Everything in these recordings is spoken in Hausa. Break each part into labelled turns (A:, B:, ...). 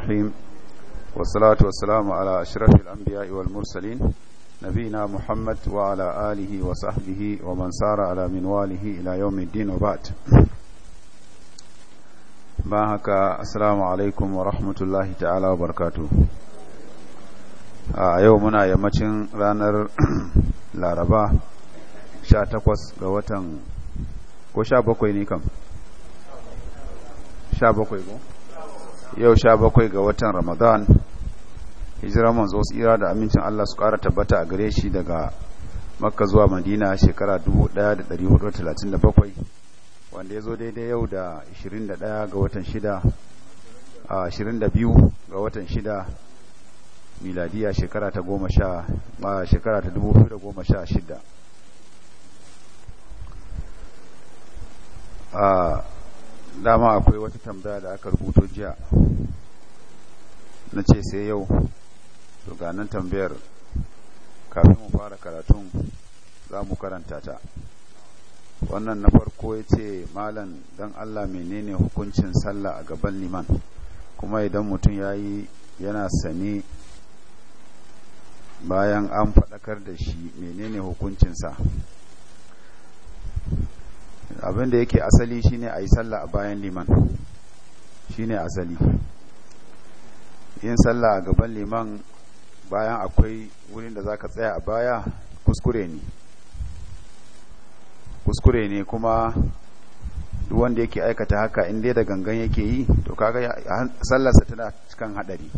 A: الرحيم والصلاة والسلام على أشرف الأنبياء والمرسلين نبينا محمد وعلى آله وصحبه ومن سار على منواله إلى يوم الدين وبعد باهك السلام عليكم ورحمة الله تعالى وبركاته a yau muna yammacin ranar laraba 18 ga watan ko 17 ne kam 17 ko yau sha bakwai ga watan ramadan hijira manzo tsira da amincin Allah su ƙara tabbata a gare shi daga makka zuwa madina shekara 1437 wanda ya zo daidai yau da 21 ga watan 6 a 22 ga watan 6 miladiya shekara ta 2016 a dama akwai wata tambaya da aka rubuto jiya na ce sai yau to tambayar kafin mu fara karatun za mu karanta ta wannan na farko ya ce malam don allah menene hukuncin sallah a gaban liman kuma idan mutum ya yi yana sani bayan an faɗakar da shi menene hukuncinsa Abin da yake asali shine a yi sallah a bayan liman shine asali yin sallah a gaban liman bayan akwai wurin da zaka tsaya a baya kuskure ne kuskure ne kuma wanda yake aikata haka in dai da gangan yake yi to kaga sallarsa tana cikin hadari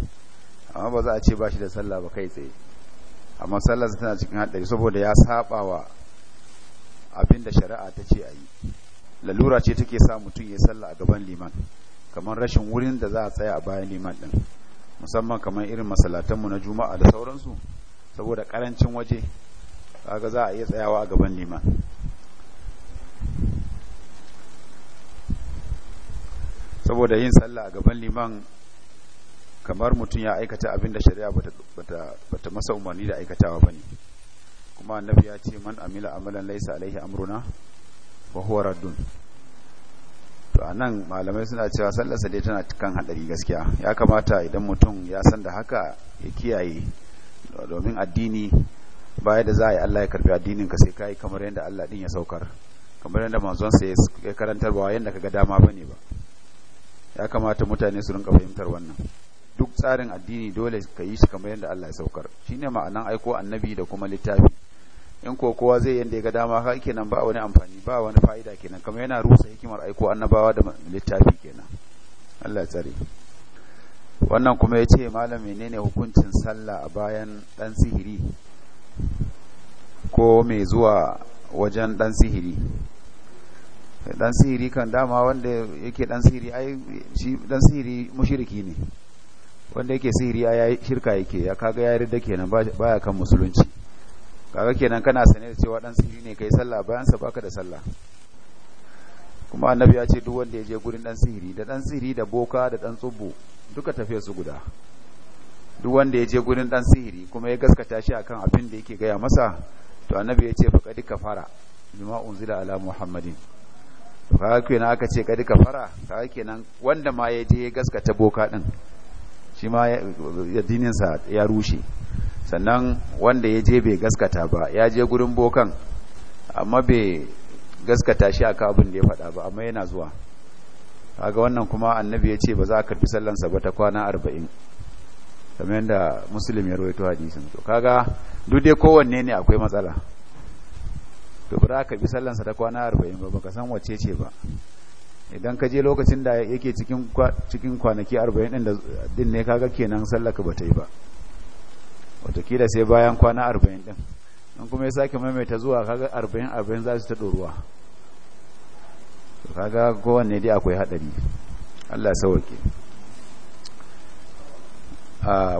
A: amma ba za a ce ba shi da sallah ba kai tsaye amma sallarsa tana cikin hadari saboda ya saba wa abinda shari'a ta ce a yi lalura ce take sa mutum ya salla a gaban liman kamar rashin wurin da za a tsaya a bayan liman ɗin musamman kamar irin masallatanmu na juma'a da sauransu saboda karancin waje kaga za a iya tsayawa a gaban liman saboda yin sallah a gaban liman kamar mutum ya aikata abinda shari'a bata bata masa umarni da aikatawa bane kuma annabi ya ce man amila amalan laisa alaihi amruna wa huwa raddun to anan malamai suna cewa sa dai tana kan hadari gaskiya ya kamata idan mutum ya san da haka ya kiyaye domin addini baya da za a yi Allah ya karbi addinin ka sai kai kamar yadda Allah din ya saukar kamar yadda manzon sa ya karantar ba yadda kaga dama bane ba ya kamata mutane su rinka fahimtar wannan duk tsarin addini dole ka yi shi kamar yadda Allah ya saukar shine ma'anan aiko annabi da kuma littafi in ko kowa zai yanda ya ga dama haka nan ba wani amfani ba wani fa'ida kenan kamar yana rusa hikimar aiko annabawa da littafi kenan Allah tsare wannan kuma ya ce malam menene hukuncin sallah a bayan dan sihiri ko mai zuwa wajen dan sihiri dan sihiri kan dama wanda yake dan sihiri ai shi dan sihiri mushriki ne wanda yake sihiri ya shirka yake ya kaga ya yarda kenan baya kan musulunci kaga kenan kana sane da cewa dan sihiri ne kai sallah bayan sa baka da sallah kuma annabi ya ce duk wanda ya je gurin dan sihiri da dan sihiri da boka da dan tsubbu duka tafiya su guda duk wanda ya je gurin dan sihiri kuma ya gaskata shi akan abin da yake gaya masa to annabi ya ce fa kadi kafara bima unzila ala muhammadin fa kenan aka ce kadi kafara kaga kenan wanda ma ya je ya gaskata boka din shi ma dinin sa ya rushe sannan wanda ya je bai gaskata ba ya je gurin bokan amma bai gaskata shi a abin da ya faɗa ba amma yana zuwa kaga wannan kuma annabi ya ce ba za a karfi sallansa ba ta kwana arba'in kamar yadda musulmi ya rawaito hadisin to kaga duk dai kowanne ne akwai matsala to ba za ka bi sallansa ta kwana arba'in ba baka san wace ce ba idan ka je lokacin da yake cikin cikin kwanaki arba'in din ne kaga kenan sallaka ba ta yi ba watakila sai bayan kwana arba'in din in kuma ya sake maimaita zuwa kaga arba'in arba'in za su ta ɗoruwa kaga kowanne dai akwai haɗari allah sauwake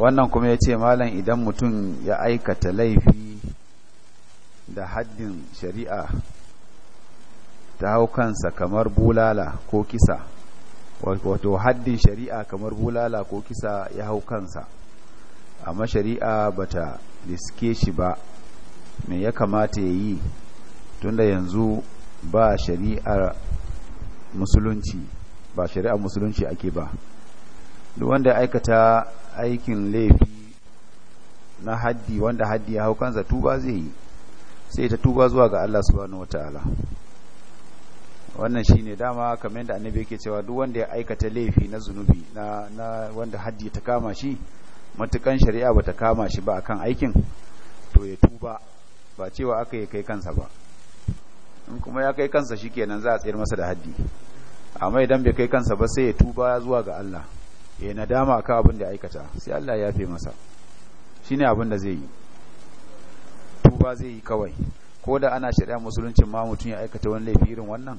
A: wannan kuma ya ce malam idan mutum ya aikata laifi da haddin shari'a ta hau kansa kamar bulala ko kisa wato haddin shari'a kamar bulala ko kisa ya hau kansa amma shari'a bata riske shi ba me ya kamata ya yi tunda yanzu ba shari'ar musulunci ba shari'ar musulunci ake ba duk wanda ya aikata aikin laifi na haddi wanda haddi ya hau kansa tuba zai yi sai ta tuba zuwa ga Allah subhanahu wataala wannan shine dama kamar yadda annabi yake cewa duk wanda ya aikata laifi na zunubi na wanda haddi ta kama shi matukan shari'a bata kama shi ba akan aikin to ya tuba ba cewa aka yi kai kansa ba in kuma ya kai kansa shikenan za a tsayar masa da haddi amma idan bai kai kansa ba sai ya tuba zuwa ga Allah ya nadama ka abin da aikata sai Allah ya fi masa shine abin da zai yi tuba zai yi kawai ko da ana shari'a musulunci ma mutum ya aikata wani laifi irin wannan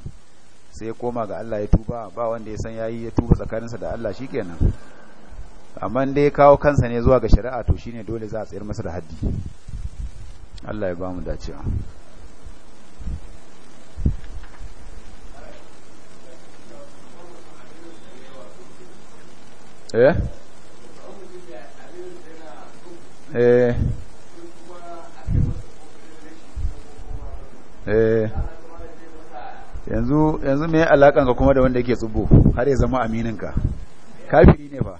A: sai ya koma ga Allah ya tuba ba wanda ya san yayi ya tuba tsakaninsa da Allah shikenan amma ya kawo kansa ne zuwa ga shari'a to shine dole za a tsayar masa da haddi Allah ya ba mu dacewa eh, eh. eh. yanzu mai me alakan kuma da wanda yake tsubo har ya zama amininka kafiri ne ba.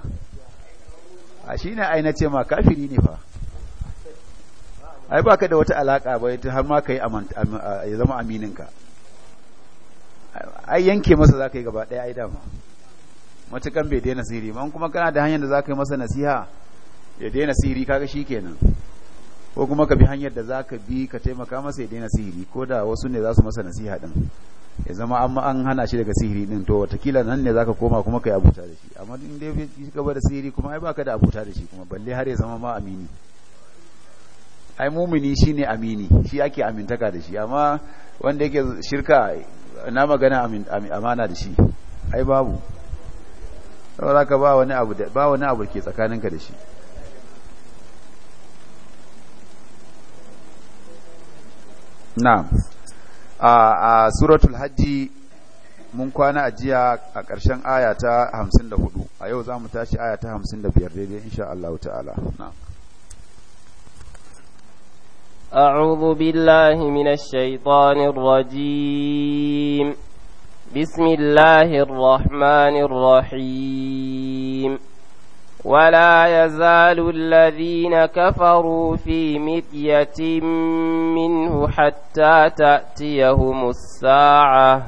A: a shi ne aina ce ma kafiri ne fa ai baka da wata alaƙa ba ta har ma ka yi ya zama amininka ai yanke masa za ka yi gaba ɗaya ai dama matukan bai daina sihiri ma kuma kana da hanyar da za ka yi masa nasiha ya daina sihiri kaga shi kenan ko kuma ka bi hanyar da za ka bi ka taimaka masa ya daina sihiri ko da wasu ne za su masa nasiha din ya zama amma an hana shi daga sihiri din to watakila nan ne za ka koma kuma ka yi abuta da shi amma in dai shi gaba da sihiri kuma ai baka da abuta da shi kuma balle har ya zama ma amini ai mumini ne amini shi ake amintaka da shi amma wanda yake shirka na magana amana da shi ai babu saboda ka ba wani abu ba wani abu ke tsakaninka da shi na'am a suratul hajji mun kwana a jiya a ƙarshen aya ta 54 a yau za mu tashi aya ta 55 daidai insha Allah ta'ala na'am
B: أعوذ بالله من الشيطان الرجيم بسم الله الرحمن الرحيم ولا يزال الذين كفروا في مدية منه حتى تأتيهم الساعة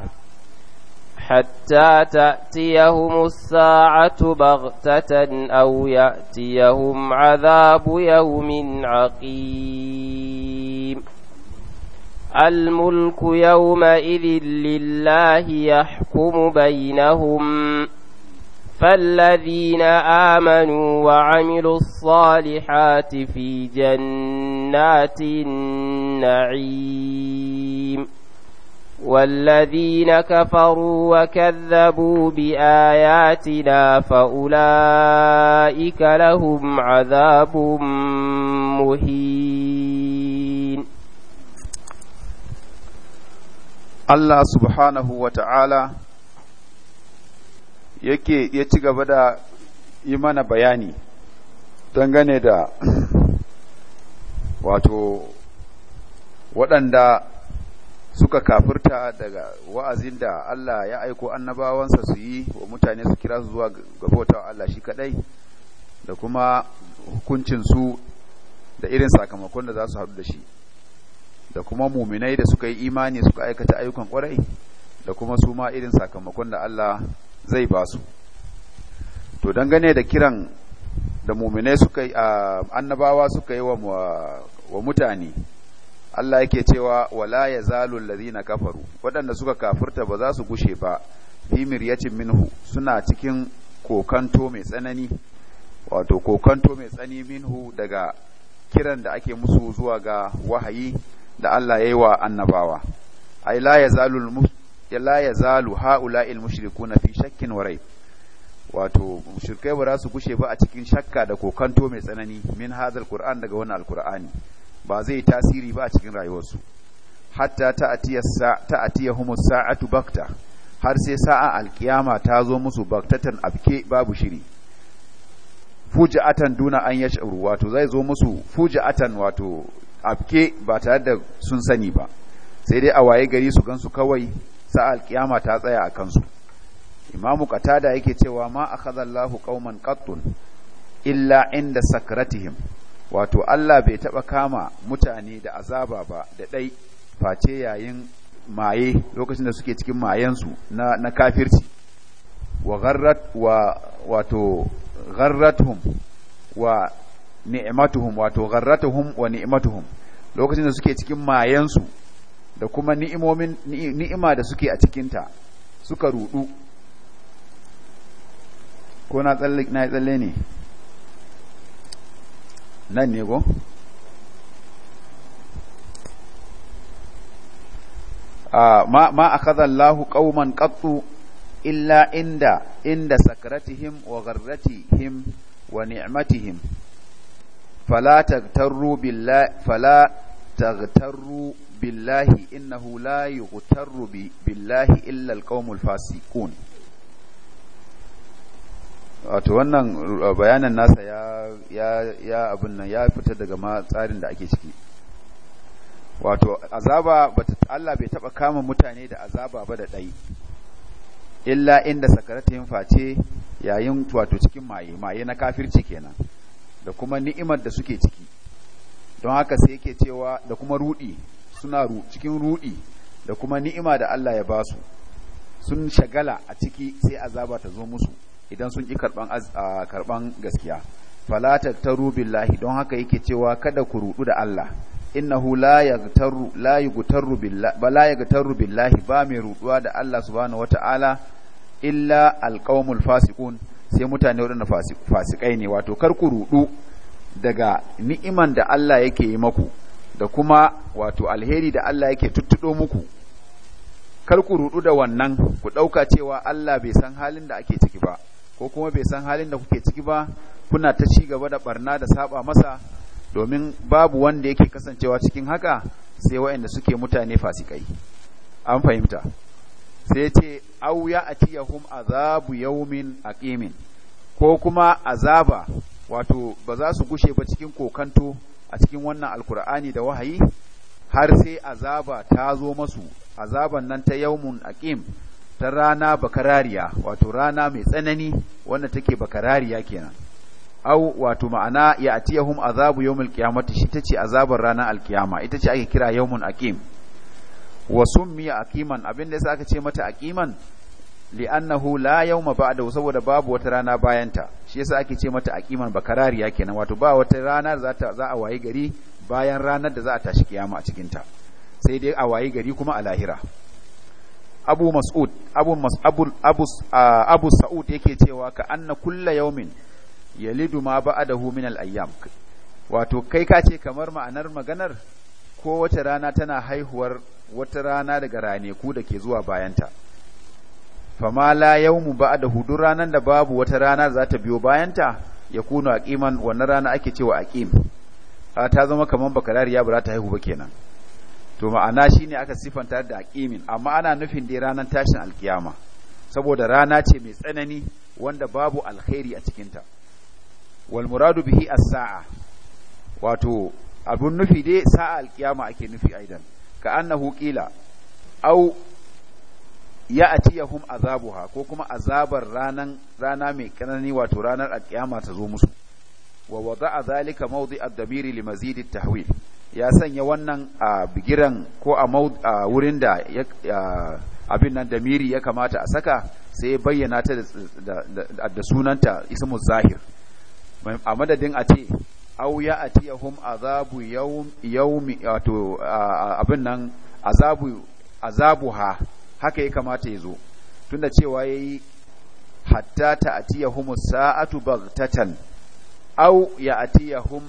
B: حتى تأتيهم الساعة بغتة أو يأتيهم عذاب يوم عقيم الملك يومئذ لله يحكم بينهم فالذين آمنوا وعملوا الصالحات في جنات النعيم والذين كفروا وكذبوا بآياتنا فأولئك لهم عذاب مهين
A: الله سبحانه وتعالى yake ya ci gaba da yi mana bayani gane da wato waɗanda suka kafirta daga wa'azin da Allah ya aiko annabawansa su yi wa mutane su kira su zuwa gabota Allah shi kaɗai da kuma hukuncinsu da irin sakamakon da za su haɗu da shi da kuma muminai da suka yi imani suka aikata ayyukan ƙwarai da kuma su ma irin sakamakon da Allah zai ba su to dangane da kiran da muminai suka yi annabawa suka yi wa mutane Allah yake cewa wala ya zalul ladhina kafaru waɗanda suka kafirta ba za su gushe ba fi miryacin minhu suna cikin kokanto mai tsanani wato kokanto mai tsanani minhu daga kiran da ake musu zuwa ga wahayi da Allah ya yi wa annabawa ai la ya zalul la yazalu haula'il mushrikuna fi shakkin wa wato mushrikai ba za su gushe ba a cikin shakka da kokanto mai tsanani min hadhal qur'an daga wannan alqur'ani ba zai tasiri ba a cikin rayuwarsu hatta ta humus sa'atu bakta har sai sa'a alkiyama ta zo musu baktatan abke babu shiri atan duna an yash'uru wato zai zo musu atan wato abke ba tare da sun sani ba sai dai a waye gari su gansu kawai sa’a alƙiyama ta tsaya a kansu imamu qatada yake cewa ma kazan lahu ƙauman ƙattun, illa inda sakratihim wato Allah bai taɓa kama mutane da azaba ba da ɗai face yayin maye lokacin da suke cikin mayensu na na kafirci wa gharrat wato gharratuhum wa ni'matuhum wato wa lokacin da suke cikin mayensu da kuma ni'imomin ni'ima da suke a cikinta suka rudu ko na tsalle na tsalle ne nan ne go ma a akhadha Allahu qauman qattu illa inda inda sakratihim wa gharratihim wa ni'matihim fala tagtarru billahi fala tagtarru billahi innahu la yughtarru bi billahi illa alqaumul fasiqun wato wannan uh, bayanan nasa ya ya ya abin nan ya fita daga ma tsarin da ake ciki wato azaba bata Allah bai taba kama mutane da azaba ba da dai illa inda sakaratin face yayin wato cikin maye maye na kafirci kenan da kuma ni'imar da suke ciki don haka sai yake cewa da kuma rudi suna cikin ruɗi da kuma ni'ima da Allah ya ba su sun shagala a ciki sai azaba ta zo musu idan sun ki karban karban gaskiya ta rubin billahi don haka yake cewa kada ku rudu da Allah innahu la yaghtaru la yughtaru billahi bala ba mai ruɗuwa da Allah subhanahu wataala illa alqaumul fasiqun sai mutane waɗanda fasikai ne wato kar ku rudu daga ni'iman da Allah yake yi maku da kuma wato alheri da Allah yake tuttudo muku kar ku ruɗu da wannan ku ɗauka cewa Allah bai san halin da ake ciki ba ko kuma bai san halin da kuke ciki ba kuna ta ci gaba da ɓarna da saba masa domin babu wanda yake kasancewa cikin haka sai waɗanda suke mutane fasikai an fahimta sai ce au ya atiyahum azabu yawmin aqimin ko kuma azaba wato ba za su gushe ba cikin kokanto a cikin wannan alkur'ani da wahayi har sai azaba ta zo masu azaban nan ta yawmun aqim ta rana bakarariya wato rana mai tsanani wanda take bakarariya kenan au wato ma'ana ya atiyahum azabu yawmul qiyamati shi tace azabar ranar alqiyama ita ce ake kira yawmun aqim wa summiya aqiman abin da yasa aka ce mata aqiman li'annahu la yawma ba'da saboda babu wata rana bayanta shi yasa ake ce mata aqiman bakarariya kenan wato ba wata rana za ta za a wayi gari bayan ranar da za a tashi kiyama a cikin ta sai dai a wayi gari kuma a lahira abu mas'ud abu mas abu abu, sa'ud yake cewa ka anna kulla yawmin yalidu ma ba'dahu min al-ayyam wato kai ka ce kamar ma'anar maganar ko wata rana tana haihuwar wata rana daga rane ku da ke zuwa bayanta fama la yawmu da hudur ranar da babu wata rana za ta biyo bayanta a aqiman wannan rana ake cewa a ta zama kamar bakarariya ba za ta haihu ba kenan to ma'ana shine aka sifanta da kimin amma ana nufin dai ranar tashin alkiyama saboda rana ce mai tsanani wanda babu alkhairi a cikinta wal muradu bihi as-sa'a wato abun nufi dai sa'a alkiyama ake nufi aidan ka annahu qila au ya a atiyahum azabuha ko kuma azabar ranan rana mai kanani wato ranar kiyama ta zo musu wa a zalika maudi a damiri li mazid tahwil ya sanya wannan a bigiran ko a wurin da abin nan damiri ya kamata a saka sai ya bayyana ta da sunanta ismu zahir a madadin a ce au ya a hum azabu yawmi wato abin nan azabu azabuha haka ya kamata ya zo tunda cewa ya yayi hatta ta'tiyahum sa'atu baghtatan aw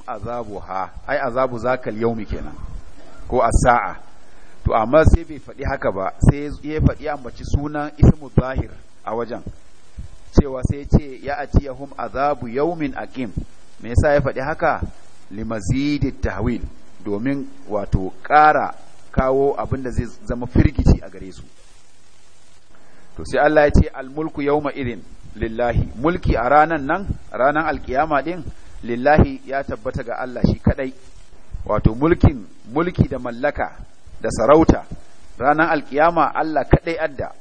A: azabu ha, ai azabu zakal yaumi kenan ko a saa to amma sai bai faɗi haka ba sai ya faɗi ambaci sunan ismu zahir a wajen cewa sai ce ya'tiyahum azabu a aqim me yasa ya faɗi haka limazidi tahwil domin wato ƙara kawo abin da zai zama firgici a gare su to sai Allah ya ce almulku yawma idin lillahi mulki a ranan nan ranan alkiyama din lillahi ya tabbata ga Allah shi kadai wato mulkin mulki da mallaka
B: da sarauta
A: ranan alkiyama Allah kadai adda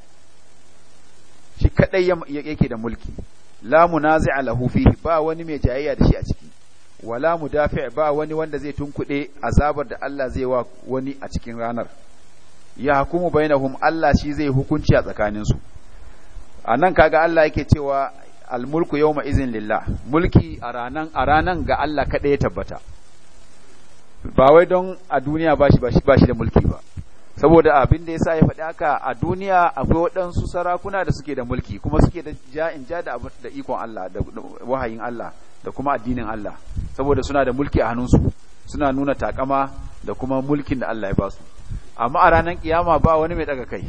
A: shi kadai yake da mulki la munazi'a lahu fihi ba wani mai jayayya da shi a ciki wala mudafi' ba wani wanda zai tunkuɗe azabar da Allah zai wa wani a cikin ranar ya hukumu hum Allah shi zai hukunci a tsakaninsu a nan kaga Allah yake cewa almulku yawma izin lillah mulki a ranan a ranan ga Allah kaɗai ya tabbata ba wai don a duniya ba shi ba shi da mulki ba saboda abin da yasa ya faɗi haka a duniya akwai waɗansu sarakuna da suke da mulki kuma suke da ja'in ja da da ikon Allah da wahayin Allah da kuma addinin Allah saboda suna da mulki a hannunsu suna nuna takama da kuma mulkin da Allah ya ba su amma a ranar kiyama ba wani mai daga kai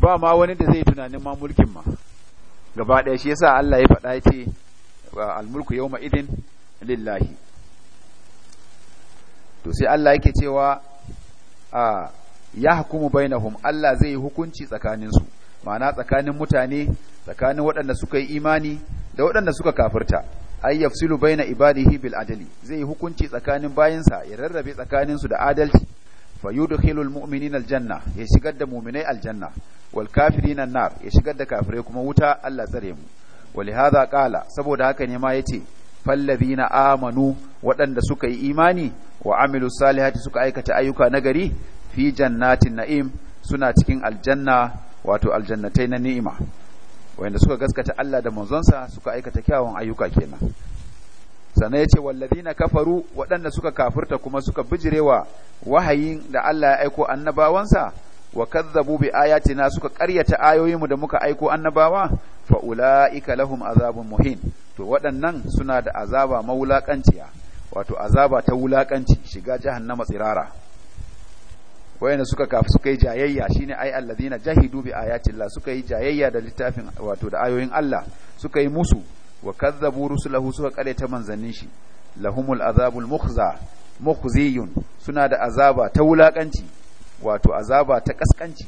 A: ba ma wani da zai tunanin ma mulkin ma gaba ɗaya shi yasa Allah ya faɗa ce almulku yawma idin lillahi to sai Allah yake cewa a ya hukumu bainahum Allah zai yi hukunci tsakanin su ma'ana tsakanin mutane tsakanin waɗanda suka yi imani da waɗanda suka kafirta ay yafsilu baina ibadihi bil adli zai yi hukunci tsakanin bayinsa ya rarrabe tsakanin su da adalci fa yudkhilul mu'minina aljanna ya shigar da mu'minai aljanna wal kafirina nar ya shigar da kafirai kuma wuta Allah tsare mu walihadha qala saboda haka ne ma yace fallazina amanu waɗanda suka yi imani wa amilu salihati suka aikata ayyuka nagari fi jannatin na'im suna cikin aljanna wato aljannatai na ni'ima wanda suka gaskata Allah da manzonsa suka aikata kyawun ayyuka kenan sannan yace walladina kafaru waɗanda suka kafirta kuma suka bijirewa wahayin da Allah ya aiko annabawansa wa kazzabu bi ayatina suka ƙaryata ayoyinmu da muka aiko annabawa fa ulaika lahum azabun muhin to waɗannan suna da azaba mawulaƙanciya wato azaba ta wulakanci shiga jahannama tsirara wayanda suka kafi suka yi jayayya shine ai alladina jahidu bi ayati Allah suka yi jayayya da littafin wato da ayoyin Allah suka yi musu wa kazzabu rusulahu suka kare ta manzannin shi lahumul azabul mukhza mukhziyun suna da azaba ta wulakanci wato azaba ta kaskanci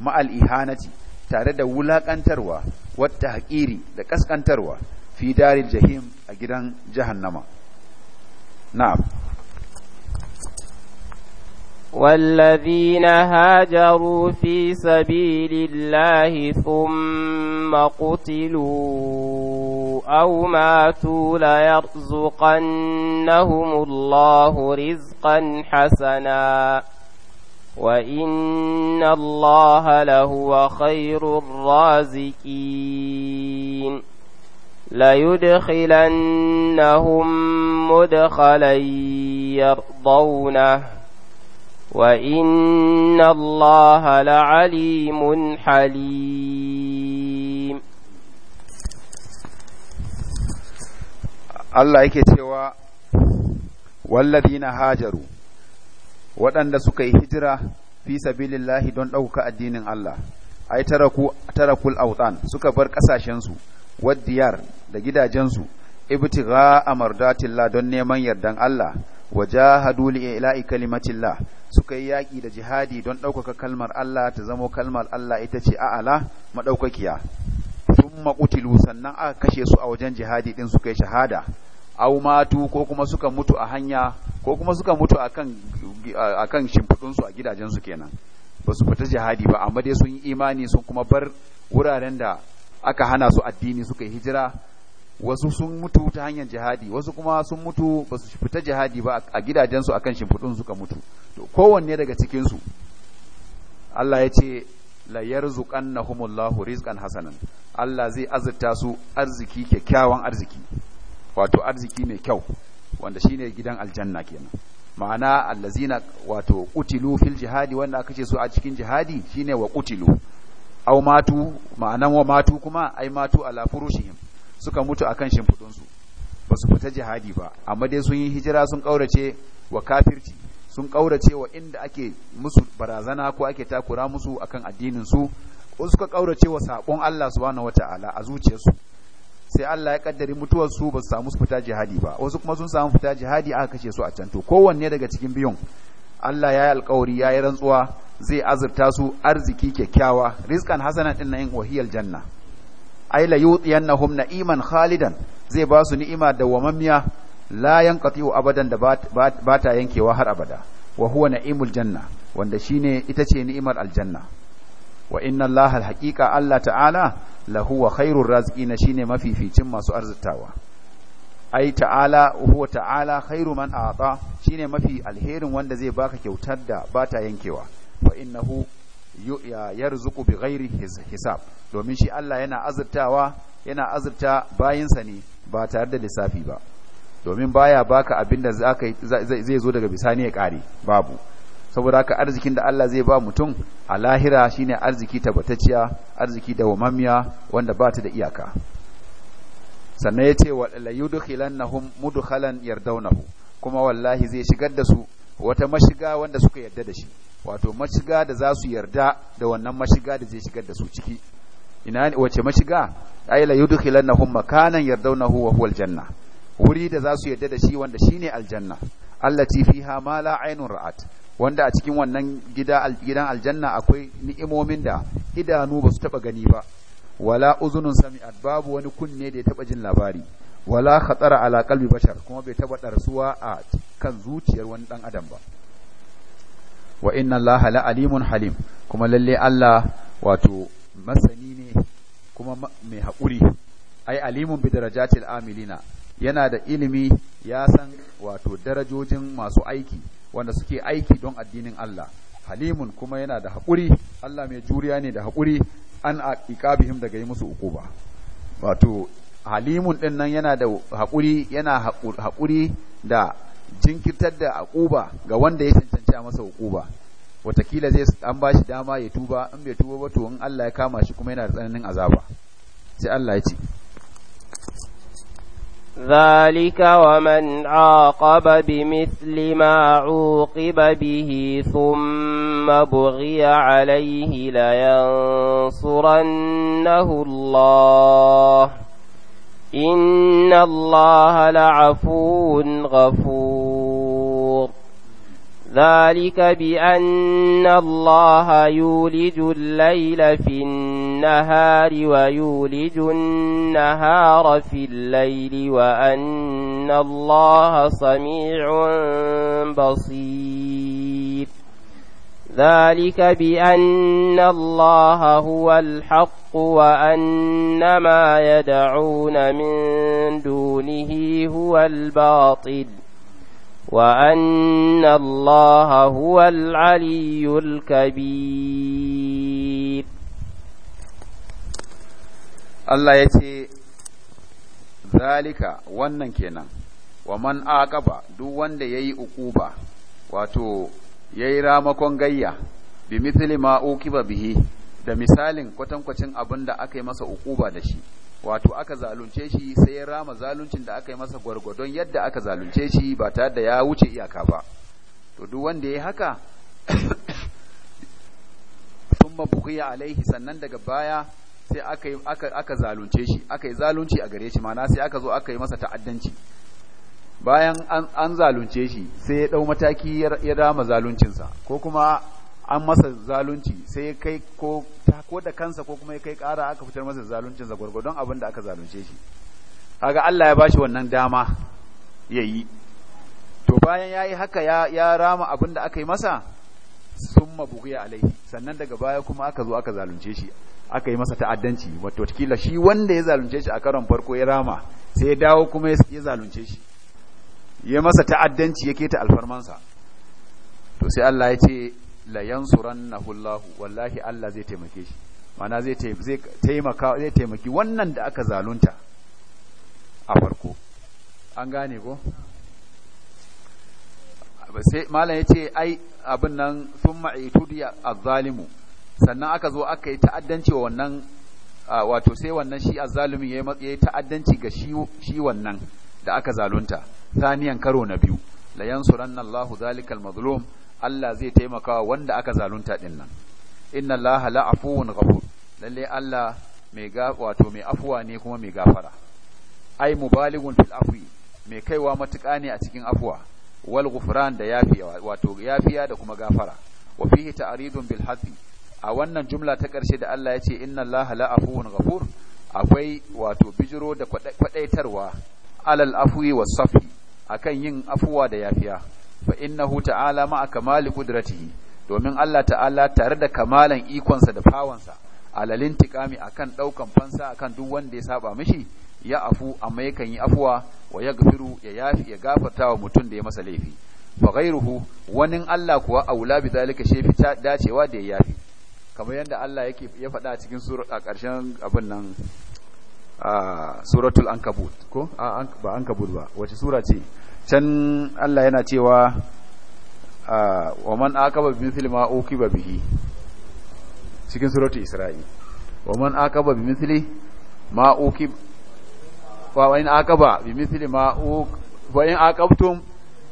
A: ma'al ihanati tare da wulakantarwa wata haƙiri da kaskantarwa fi daril jahim a gidan
B: jahannama na'am والذين هاجروا في سبيل الله ثم قتلوا أو ماتوا ليرزقنهم الله رزقا حسنا وإن الله لهو خير الرازقين ليدخلنهم مدخلا يرضونه وإن الله لعليم حليم
A: Allah yake cewa na hajaru waɗanda suka yi hijira fi sabilillahi don ɗauka addinin Allah ai taraku tarakul autan suka bar ƙasashen su waddiyar da gidajen su ibtigha amardatillah don neman yardan Allah wajahadu li ila'i kalimatillah suka yi yaki da jihadi don ɗaukaka kalmar Allah ta zamo kalmar Allah ita ce a'ala madaukakiya sun qutilu sannan aka kashe su a wajen jihadi din suka yi shahada aw matu ko kuma suka mutu a hanya ko kuma suka mutu akan akan shimfudun su a gidajen su kenan ba su fita jihadi ba amma dai sun yi imani sun kuma bar wuraren da aka hana su addini suka yi hijira wasu sun mutu ta hanyar jihadi wasu kuma sun mutu ba su fita jihadi ba a gidajensu akan shimfiɗin suka mutu to kowanne daga cikinsu Allah ya ce la yarzuqannahumullahu rizqan hasanan Allah zai azurta su arziki kyakkyawan arziki wato arziki mai kyau wanda shine gidan aljanna kenan ma'ana allazina wato qutilu fil jihadi wanda aka ce su a cikin jihadi shine wa kutilu. aw matu ma'anan wa matu kuma ai matu ala furushihim suka mutu a kan shimfudunsu ba su fita jihadi ba amma dai sun yi hijira sun ƙaurace wa kafirci sun kaurace wa inda ake musu barazana ko ake takura musu a kan addininsu ko suka kaurace wa saƙon Allah subhanahu ala a zuciyarsu sai Allah ya kaddari mutuwarsu ba su samu fita jihadi ba wasu kuma sun samu fita jihadi aka kashe su a can to kowanne daga cikin biyun Allah ya yi alkawari ya yi rantsuwa zai azurta su arziki kyakkyawa rizqan ɗin na yin wahiyal janna ai la yutiyannahum na'iman khalidan zai ba su ni'ima wamamiya la yanqati'u abadan da ba ta yankewa har abada wa huwa na'imul janna wanda shine ita ce ni'imar aljanna wa inna allaha alhaqiqa allah ta'ala la huwa khairur raziqina shine mafificin masu arzitawa ai ta'ala huwa ta'ala khairu man a'ta shine mafi alherin wanda zai baka kyautar da bata yankewa fa innahu yarzuqu bi ghairi hisab domin shi Allah yana azurtawa yana azurta bayinsa ne ba tare da lissafi ba domin baya baka abin da zai zo daga bisani ya kare babu saboda haka arzikin da Allah zai ba mutum a lahira shine arziki tabbatacciya arziki da wamamiya wanda ba ta da iyaka sannan ya ce la yudkhilannahum mudkhalan yardawnahu kuma wallahi zai shigar da su wata mashiga wanda suka yarda da shi wato mashiga da za su yarda da wannan mashiga da zai shigar da su ciki ina wace mashiga ay la yudkhilannahum makanan yardawnahu wa huwal janna wuri da za su yarda da shi wanda shine aljanna allati fiha ma la aynun ra'at wanda a cikin wannan gida gidan aljanna akwai ni'imomin da idanu ba su taba gani ba wala uzunun sami'at babu wani kunne da ya taba jin labari wala khatara ala qalbi bashar kuma bai taba darsuwa a kan zuciyar wani dan adam ba wa inna Allah la alimun halim kuma lalle Allah wato masani ne kuma mai haƙuri ai alimun bi darajatil amilina yana da ilimi ya san wato darajojin masu aiki wanda suke aiki don addinin Allah halimun kuma yana da haƙuri Allah mai juriya ne da hakuri an iqabihim daga yi musu ukuba wato halimun din nan yana da haƙuri yana hakuri da jinkirtar da akuba ga wanda ya cancanci a masa ukuba watakila zai an ba shi dama ya tuba in bai tuba ba to in Allah ya kama shi kuma yana da tsananin
B: azaba sai Allah ya ce ذلك ومن عاقب بمثل ما عوقب به ثم بغي عليه لينصرنه الله إن الله لعفو غفور ذلك بأن الله يولج الليل في النهار ويولج النهار في الليل وأن الله سميع بصير ذلك بأن الله هو الحق وأن ما يدعون من دونه هو الباطل وأن الله هو العلي الكبير
A: الله يتي ذلك wannan kenan wa man aqaba duk wanda yayi uquba wato ya yi ramakon gayya bi mithili ma ba bihi da misalin kwatankwacin abin da aka yi masa ukuba da shi wato aka zalunce shi sai ya rama zaluncin da aka yi masa gwargwadon yadda aka zalunce shi ba tare da ya wuce iyaka ba to duk wanda yi haka sun bughiya alaihi sannan daga baya sai aka yi aka zalunce shi aka yi zalunci a gare shi mana sai aka zo aka yi masa ta'addanci bayan an zalunce shi sai ya ɗau mataki ya dama zaluncinsa ko kuma an masa zalunci sai ya kai ko da kansa ko kuma ya kai ƙara aka fitar masa zaluncinsa gwargwadon abin da aka zalunce shi kaga Allah ya bashi wannan dama ya yi. to bayan ya yi haka ya rama abin da aka yi masa summa a alaihi sannan daga baya kuma aka zo aka zalunce shi aka yi masa ta'addanci wato kila shi wanda ya zalunce shi a karon farko ya rama sai ya dawo kuma ya zalunce shi ya masa ta'addanci ya ta alfarmansa to sai Allah ya ce la na hulahu wallahi Allah zai taimake shi mana zai taimaki wannan da aka zalunta a farko an gane ko sai malam ce ai abin nan sun thumma itudi a zalimu sannan aka zo aka yi ta'addanci wa wannan wato sai wannan shi a zalimin yi ta'addanci ga shi wannan da aka zalunta saniyan karo na biyu la yansuranna Allahu zalikal mazlum Allah zai taimaka wanda aka zalunta din nan inna Allaha la ghafur lalle Allah mai wato mai afuwa ne kuma mai gafara ai mubalighun fil afwi mai kaiwa matuƙa ne a cikin afuwa wal ghufran da yafiya wato yafiya da kuma gafara wa fihi ta'ridun bil a wannan jumla ta ƙarshe da Allah ya ce inna Allaha la ghafur akwai wato bijiro da kwadaitarwa alal afwi was safi akan yin afuwa da yafiya fa innahu ta'ala ma'a kamali qudratihi domin Allah ta'ala tare da kamalan ikonsa da fawansa alalin tikami akan daukan fansa akan duk wanda ya saba mishi ya afu amma yakan yi afuwa wa yaghfiru ya yafi ya gafarta wa mutum da ya masa laifi fa ghayruhu wanin Allah kuwa aula bi zalika shefi ta dacewa da ya yafi kamar yadda Allah yake ya faɗa cikin sura a ƙarshen abin nan suratul ankabut ko a ba ankabut ba wace sura ce can Allah yana cewa wa man akaba bi mithli ma ukiba bihi cikin suratul isra'i wa man akaba bi mithli ma uqib wa in akaba bi mithli ma uk wa in akabtum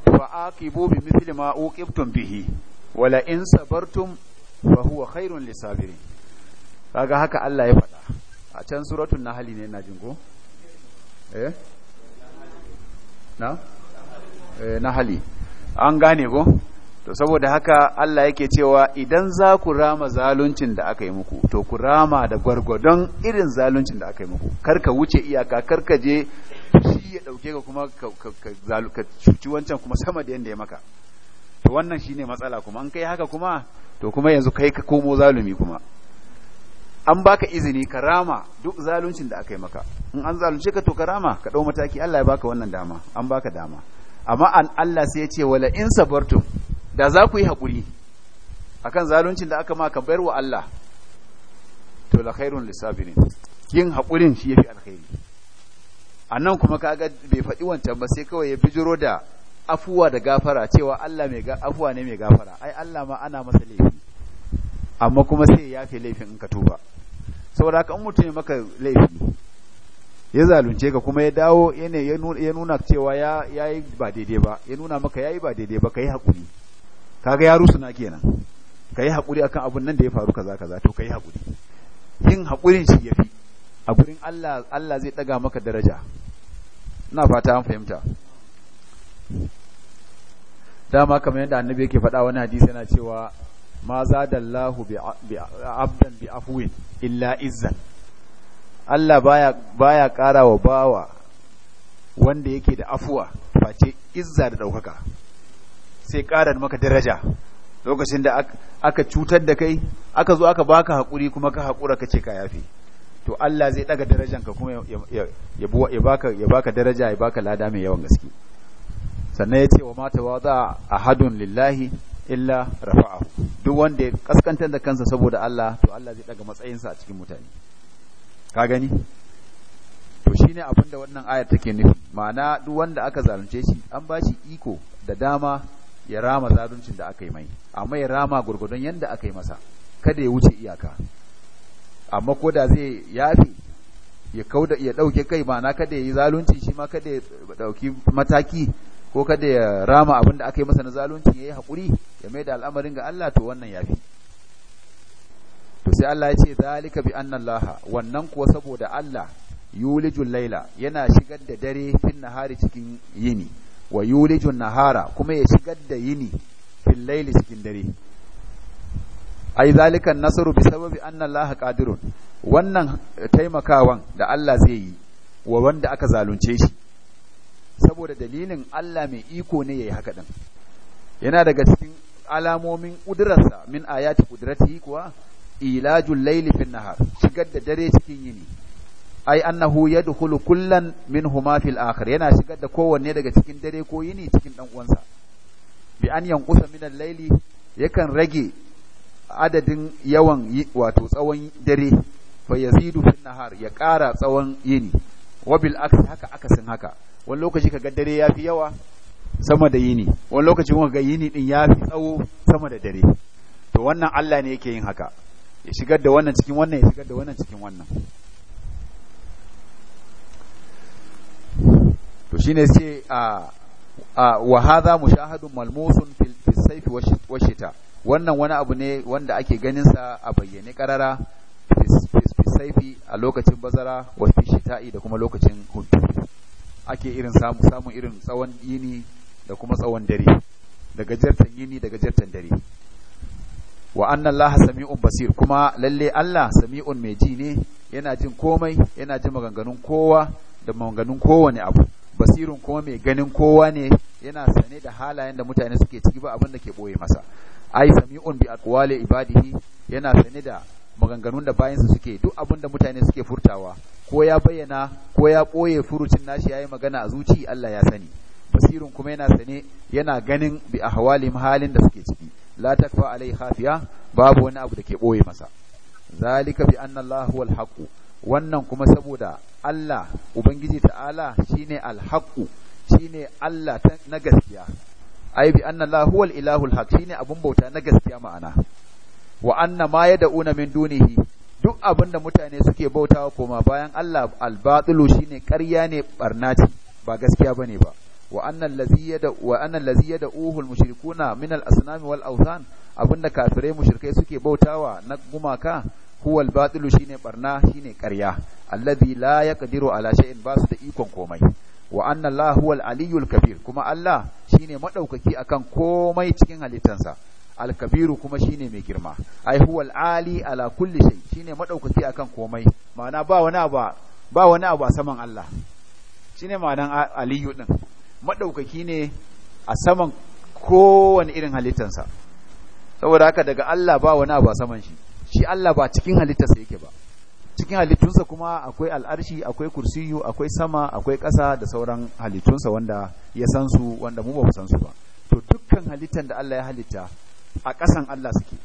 A: fa akibu bi mithli ma ukibtum bihi wala in sabartum fa huwa khairun lisabirin kaga haka Allah ya faɗa a can suratun na hali ne na jingo eh na eh hali an gane go to saboda haka Allah yake cewa idan za ku rama zaluncin da aka yi muku to ku rama da gwargwadon irin zaluncin da aka yi muku karka wuce iyaka karka je shi ya dauke ka kuma ka cuci wancan kuma sama da yanda ya maka to wannan shine matsala kuma an kai haka kuma to kuma yanzu kai ka komo zalumi kuma an baka izini ka rama duk zaluncin da aka yi maka in an zalunce ka to ka rama ka dau mataki Allah ya baka wannan dama an baka dama amma an Allah sai ya ce wala in sabartum da za ku yi haƙuri akan zaluncin da aka ma bayar wa Allah to la khairun lisabirin yin haƙurin shi yafi alkhairi anan kuma kaga bai faɗi wancan ba sai kawai ya bijiro da afuwa da gafara cewa Allah mai afuwa ne mai gafara ai Allah ma ana masa laifi amma kuma sai ya fi laifin in ka tuba saboda haka in mutum maka laifi ya zalunce ka kuma ya dawo ya nuna cewa ya yi ba daidai ba ya nuna maka ya yi ba daidai ba ka yi haƙuri kaga ya rusuna kenan ka yi haƙuri akan abun nan da ya faru kaza kaza to ka yi haƙuri yin haƙurin shi ya fi a gurin Allah Allah zai ɗaga maka daraja ina fata an fahimta dama kamar yadda annabi yake faɗa wani hadisi yana cewa ma zadallahu abdan bi Afuwin illa izan. Allah baya ƙara wa bawa wanda yake da afuwa face izza da ɗaukaka, sai karar maka daraja lokacin da aka cutar da kai aka zo aka baka hakuri kuma ka hakura ka ce ka yafi to Allah zai ɗaga darajanka kuma ya baka daraja ya baka lada mai yawan gaske sannan ya ce wa mata wada ahadun lillahi illa rafa'a duk wanda ya kaskantar da kansa saboda Allah to Allah zai daga matsayinsa a cikin mutane ka gani to shine abin da wannan ayar take nufi ma'ana duk wanda aka zalunce shi an ba shi iko da dama ya rama zaluncin da aka yi mai amma ya rama gurgudun yanda aka yi masa kada ya wuce iyaka amma ko da zai yafi ya kauda ya dauke kai ma'ana kada ya yi zalunci shi ma kada ya dauki mataki ko kada ya rama abin da aka yi masa na zalunci ya yi haƙuri ya mai da al'amarin ga Allah to wannan ya fi to sai Allah ya ce zalika bi annan laha wannan kuwa saboda Allah yuli laila yana shigar da dare fin nahari cikin yini wa yuli nahara kuma ya shigar da yini fin laili cikin dare ai zalikan nasaru bi sababi annan laha qadirun wannan taimakawan da Allah zai yi wa wanda aka zalunce shi saboda dalilin Allah mai iko ne ya yi haka din yana daga cikin alamomin ƙudurarsa min ayati yi kuwa ilajun lailifin fin nahar shigar da dare cikin yini ai annahu yadkhulu kullan min fil akhir yana shigar da kowanne daga cikin dare ko yini cikin ɗan'uwansa. uwansa bi an yanqusa min Laili? yakan rage adadin yawan wato tsawon dare fa yazidu fin nahar ya ƙara tsawon yini wabil aksi haka akasin haka wani lokaci kaga dare ya fi yawa sama da yini wani lokaci kuma ga yini din ya fi tsawo sama da dare to wannan Allah ne yake yin haka ya shigar da wannan cikin wannan ya shigar da wannan cikin wannan to shine sai a wa hadha mushahadun malmusun fil sayfi wa shita wannan wani abu ne wanda ake ganin sa a bayyane karara Fisaifi a lokacin bazara wa fi shita'i da kuma lokacin hunturu ake irin samu samun irin tsawon yini da kuma tsawon dare da gajartan yini da gajartan dare wa anna sami'un basir kuma lalle Allah sami'un mai ji ne yana jin komai yana jin maganganun kowa da maganganun kowane abu basirun kuma mai ganin kowa ne yana sane da halayen da mutane suke ciki ba abin da ke boye masa ai sami'un bi aqwali ibadihi yana sane da maganganun da bayansa suke duk abin da mutane suke furtawa ko ya bayyana ko ya ɓoye furucin nashi ya yi magana a zuci Allah ya sani basirin kuma yana sane yana ganin bi a hawalima halin da suke ciki la takfa alai khafiya babu wani abu da ke ɓoye masa zalika bi anna Allah huwal wannan kuma saboda Allah ubangiji ta'ala shine al shi shine Allah na gaskiya ai bi anna Allah huwal ilahul haq shine abun bauta na gaskiya ma'ana wa anna ma yad'una min dunihi duk abin da mutane suke bautawa koma bayan Allah albatulu shine ƙarya ne barna ba gaskiya bane ba wa annal ladhi yada wa annal ladhi uhul mushrikuna min al-asnam wal awthan abinda kafirai mushrikai suke bautawa na gumaka huwa al-batilu shine barna shine ƙarya alladhi la yaqdiru ala shay'in ba su da ikon komai wa anna Allah huwa al-aliyyul kabir kuma Allah shine madaukaki akan komai cikin halittansa alkabiru kuma shine mai girma ai huwa ali ala kulli shay shine madaukaki akan komai ma'ana ba wani abu ba wani abu a saman Allah shine ma'anan aliyu din madaukaki ne a saman kowane irin sa saboda haka daga Allah ba wani abu a saman shi shi Allah ba cikin halittarsa yake ba cikin halittunsa kuma akwai al'arshi akwai kursiyu akwai sama akwai ƙasa da sauran halittunsa wanda ya san su wanda mu ba mu san su ba to dukkan halittan da Allah ya halitta a ƙasan Allah suke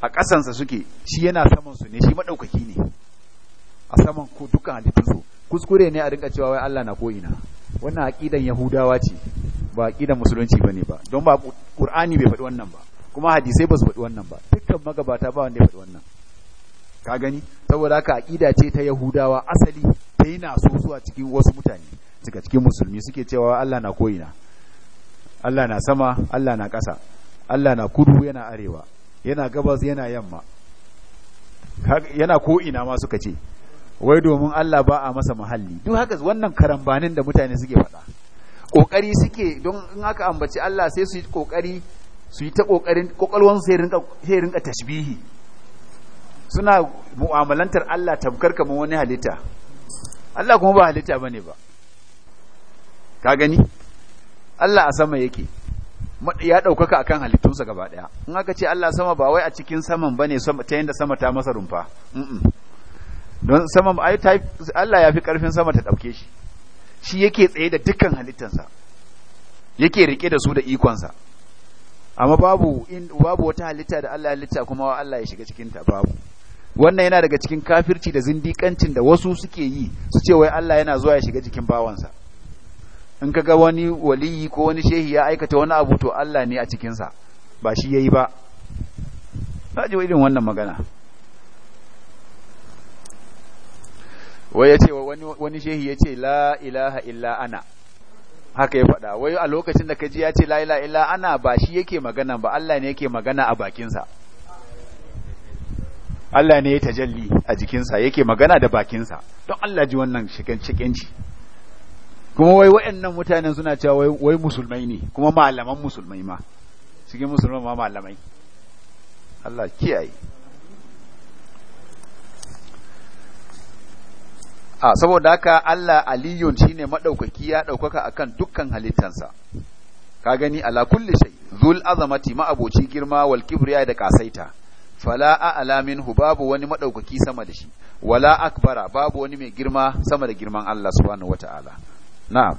A: a ƙasansa suke shi yana saman su ne shi maɗaukaki ne a saman ko dukkan halittunsu kuskure ne a rinka cewa wai Allah na ko'ina wannan aƙidan yahudawa ce ba aƙidan musulunci ba ne ba don ba ƙur'ani bai faɗi wannan ba kuma hadisai ba su faɗi wannan ba dukkan magabata ba wanda ya faɗi wannan ka gani saboda haka aƙida ce ta yahudawa asali ta yi naso zuwa cikin wasu mutane cika cikin musulmi suke cewa Allah na ko'ina Allah na sama Allah na ƙasa Allah na kudu yana arewa yana gabas yana yamma yana ko ina ma suka ce wai domin Allah ba a masa muhalli duk haka wannan karambanin da mutane suke faɗa kokari suke don in aka ambaci Allah sai su yi kokari su yi ta kokarin kokalwan sai rinka sai rinka tashbihi suna mu'amalantar Allah tamkar kamar wani halitta Allah kuma ba halitta bane ba ka gani Allah a sama yake ya ɗaukaka akan halittunsa gaba ɗaya in aka ce Allah sama ba wai a cikin saman ba ne ta yadda sama ta masa rumfa don saman Allah ya fi ƙarfin sama ta ɗauke shi shi yake tsaye da dukkan halittansa yake riƙe da su da ikonsa amma babu babu wata halitta da Allah halitta kuma wa Allah ya shiga cikin ta babu wannan yana daga cikin kafirci da zindiƙancin da wasu suke yi su ce wai Allah yana zuwa ya shiga jikin bawansa in ka ga wani waliyi ko wani shehi ya aikata wani abu to Allah ne a cikinsa ba shi ya yi ba na ji irin wannan magana wai ya ce wani shehi ya ce la ilaha illa ana haka ya faɗa wai a lokacin da ka ji ya ce la ilaha illa ana ba shi yake magana ba Allah ne yake magana a bakinsa Allah ne ya tajalli a jikinsa yake magana da bakinsa don Allah ji wannan shikenci kuma wai waɗannan mutanen suna cewa wai musulmai ne kuma malaman musulmai ma cikin musulman ma malamai Allah kiyaye a saboda haka Allah aliyun shine maɗaukaki ya daukaka akan dukkan halittansa ka gani ala kulli shay zul azamati ma'aboci girma wal kibriya da kasaita fala a'la minhu babu wani maɗaukaki sama da shi wala akbara babu wani mai girma sama da girman Allah subhanahu wataala نعم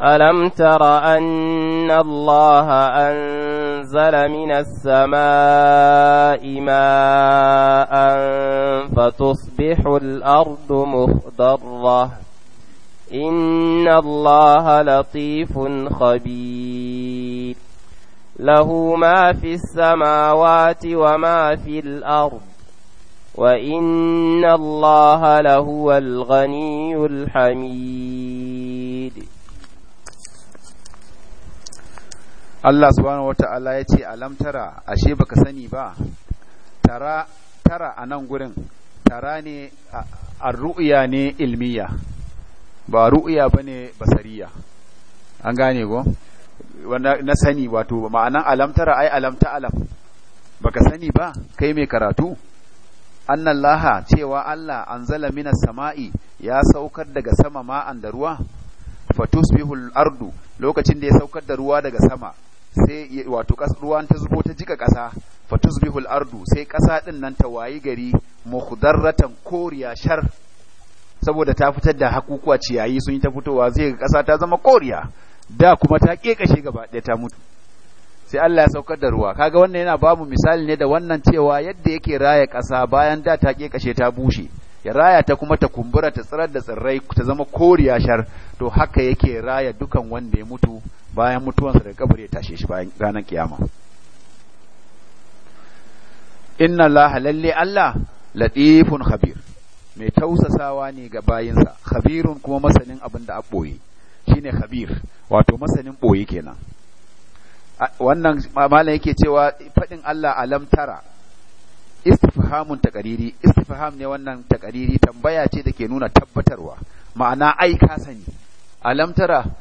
B: ألم تر أن الله أنزل من السماء ماء فتصبح الأرض مخضرة إن الله لطيف خبير له ما في السماوات وما في الأرض وإن الله لهو الغني الحميد Allah
A: subhanahu wata'ala ya ce alam tara ashe baka sani ba tara tara a nan gurin tara ne a ru'ya ne ilmiya ba ba ne basariya an gane go wanda na sani wato ma'anan alam tara ai alam ta alam baka sani ba kai mai karatu annan laha cewa Allah an zala minas sama'i ya saukar daga sama ma'an da ruwa bihul ardu lokacin da ya saukar da ruwa daga sama sai wato ruwa ta zubo ta jika ƙasa bihul ardu sai ƙasa ɗin nan ta wayi gari muhdarratan koriya shar saboda ta fitar da hakukuwa ciyayi sun yi ta fitowa zai ga ƙasa ta zama koriya da kuma ta ƙeƙashe gaba ɗaya ta mutu sai Allah ya saukar da ruwa kaga wannan yana babu misali ne da wannan cewa yadda yake raya ƙasa bayan da ta kashe ta bushe ya raya ta kuma ta kumbura ta tsirar da tsirrai ta zama koriya shar to haka yake raya dukan wanda ya mutu bayan mutuwansa daga kabari ya tashe shi bayan ranar kiyama inna Allah lalle Allah latifun khabir mai tausasawa ne ga bayinsa khabirun kuma masanin abin da a shine khabir wato masanin boye kenan wannan malam yake cewa faɗin Allah a lamtara istifhamun takariri istifham ne wannan takariri tambaya ce da ke nuna tabbatarwa ma'ana ai ka sani alamtara tara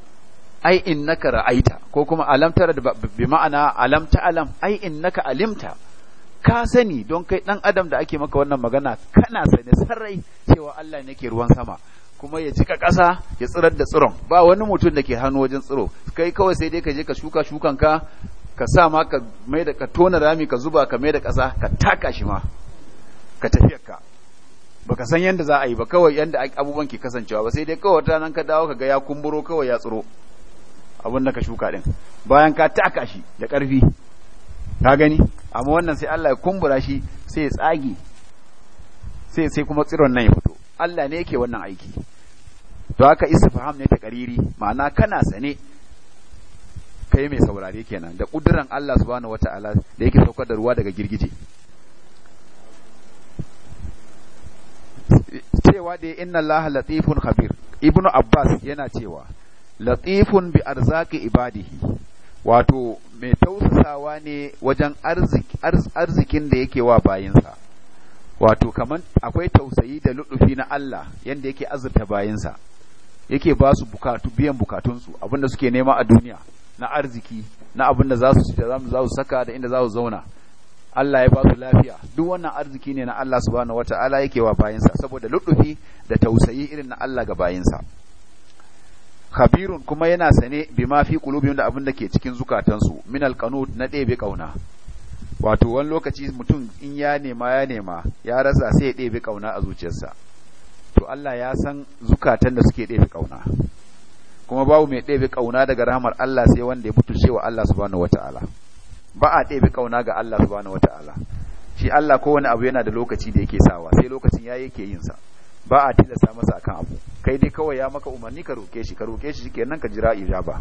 A: ai innaka ra'aita ko kuma alamtara da bi ma'ana alam ai innaka alimta ka sani don kai ɗan adam da ake maka wannan magana kana sani sarai cewa Allah ne ke ruwan sama kuma ya cika ƙasa ya tsirar da tsiron ba wani mutum da ke hannu wajen tsiro kai kawai sai dai ka je ka shuka shukanka ka sa ma ka mai da ka tona rami ka zuba ka mai da ƙasa ka taka shi ma ka tafiyar ka baka san yanda za a yi ba kawai yanda abubuwan ke kasancewa ba sai dai kawai ta nan ka dawo ka ga ya kumburo kawai ya tsiro abin da ka shuka din bayan ka taka shi da ƙarfi ka gani amma wannan sai Allah ya kumbura shi sai ya tsage sai sai kuma tsiron nan ya fito Allah ne yake wannan aiki to haka istifham ne ta kariri ma'ana kana sane kai mai saurari kenan da kuduran Allah subhanahu wata'ala da yake saukar da ruwa daga girgije cewa da inna Allah latifun khabir ibnu abbas yana cewa latifun bi arzaki ibadihi wato mai tausasawa ne wajen arzikin da yake wa bayinsa wato kaman akwai tausayi da luɗufi na Allah yanda yake azurta bayinsa yake ba su bukatu biyan bukatunsu abinda suke nema a duniya na arziki na abinda za su ci da za su saka da inda za su zauna Allah ya ba su lafiya duk wannan arziki ne na Allah subhanahu wataala yake wa bayinsa saboda luɗufi da tausayi irin na Allah ga bayinsa khabirun kuma yana sane bima fi qulubihim da abinda ke cikin zukatansu Minal alqanut na ɗebe kauna wato wani lokaci mutum in ya nema ya nema ya rasa sai ya ɗebe ƙauna a zuciyarsa to Allah ya san zukatan da suke ɗebe ƙauna kuma babu mai ɗebe ƙauna daga rahamar Allah sai wanda ya mutu cewa Allah subhanahu wata'ala ba a ɗebe ƙauna ga Allah subhanahu wata'ala shi Allah kowane abu yana da lokaci da yake sawa sai lokacin ya yake yin sa ba a tilasta masa akan abu kai dai kawai ya maka umarni ka roke shi ka roke shi shikenan ka jira ijaba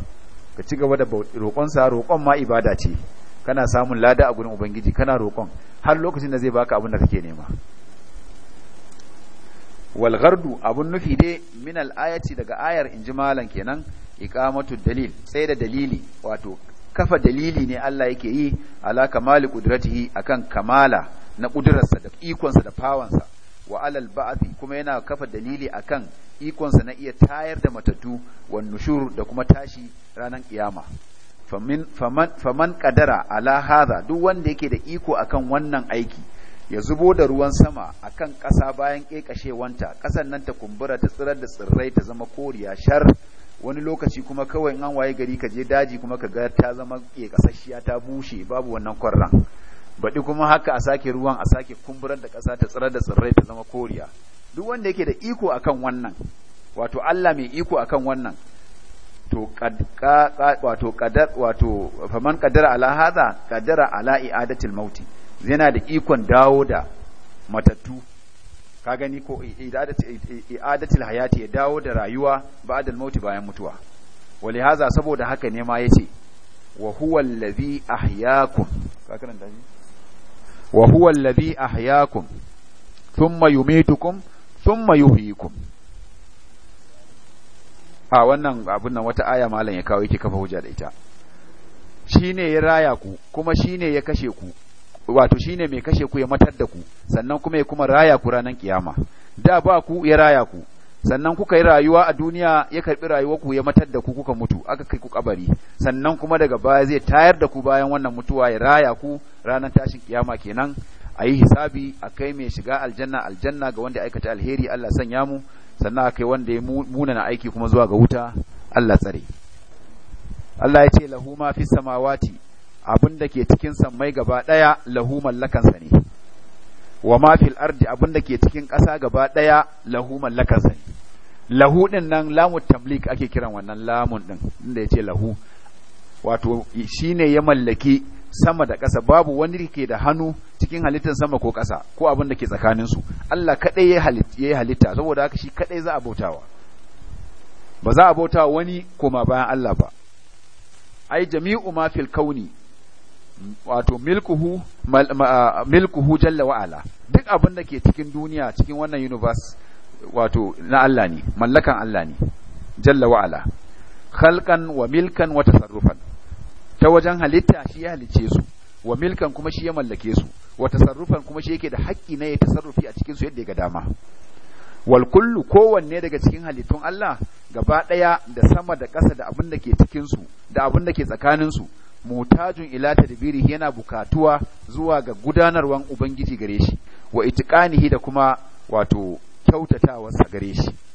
A: ka ci gaba da roƙonsa roƙon ma ibada ce kana samun lada a gurin ubangiji kana roƙon har lokacin da zai baka abin da kake nema wal abin abun nufi dai min al daga ayar inji malan kenan iqamatu dalil sai da dalili wato kafa dalili ne Allah yake yi ala kamali qudratihi akan kamala na kudurarsa da ikonsa da fawansa wa alal kuma yana kafa dalili akan ikonsa na iya tayar da matattu wan nushur da kuma tashi ranar kiyama faman kadara ala hadha duk wanda yake da iko akan wannan aiki ya zubo da ruwan sama akan ƙasa bayan ƙeƙashewanta ƙasa nan ta kumbura ta tsirar da tsirrai ta zama koriya shar wani lokaci kuma kawai an waye gari ka je daji kuma ka ga ta zama ƙeƙasasshiya ta bushe babu wannan kwarran baɗi kuma haka a sake ruwan a sake kumburar da ƙasa ta tsirar da tsirrai ta zama koriya duk wanda yake da iko akan wannan wato Allah mai iko akan wannan to wato kadar wato faman kadara ala hadha kadara ala i'adatil mauti yana da ikon dawo da matattu ka gani ko i'adatil hayati ya dawo da rayuwa ba'dal mauti bayan mutuwa wali haza saboda haka ne ma yace wa huwa allazi ahyaakum ka karanta shi wa huwa allazi ahyaakum thumma yumitukum thumma yuhyikum a wannan abin nan wata aya malam ya kawo yake kafa hujja da ita shine ya raya ku kuma shine ya kashe ku wato shine mai kashe ku ya matar da ku sannan kuma ya kuma raya ku ranar kiyama da ba ku ya raya ku sannan kuka yi rayuwa a duniya ya karbi rayuwar ku ya matar da ku kuka mutu aka kai ku kabari sannan kuma daga baya zai tayar da ku bayan wannan mutuwa ya raya ku ranar tashin kiyama kenan a yi hisabi a kai mai shiga aljanna aljanna ga wanda aikata alheri Allah sanya mu sannan akai wanda ya munana aiki kuma zuwa ga wuta Allah tsare Allah ya ce lahu ma fi samawati abin da ke cikin sammai gaba daya lahu mallakansa ne wa ma fil ardi abin da ke cikin ƙasa gaba daya lahu mallakansa ne lahu din nan lamu tamlik ake kiran wannan lamun din inda yace lahu wato shine ya mallaki sama da ƙasa babu wani ke da hannu cikin halittar sama ko ƙasa ko abin da ke tsakaninsu Allah kaɗai ya yi halitta saboda haka shi kaɗai za a bautawa ba za a bautawa wani koma bayan Allah ba ai jami'u ma fil kauni wato milkuhu milkuhu jalla wa ala duk abin da ke cikin duniya cikin wannan universe wato na Allah ne mallakan Allah ne jalla wa ala khalqan wa milkan wa tasarrufan ta wajen halitta shi ya halicce su wa milkan kuma shi ya mallake su wa tasarrufan kuma shi yake da haƙƙi na ya tasarrufi a cikin su yadda ya ga dama wal kowanne daga cikin halittun Allah gaba ɗaya da sama da ƙasa da abin da ke cikin su da abin da ke tsakanin su mutajun ila tadbiri yana bukatuwa zuwa ga gudanarwan ubangiji gare shi wa itiqanihi da kuma wato kyautatawa gare shi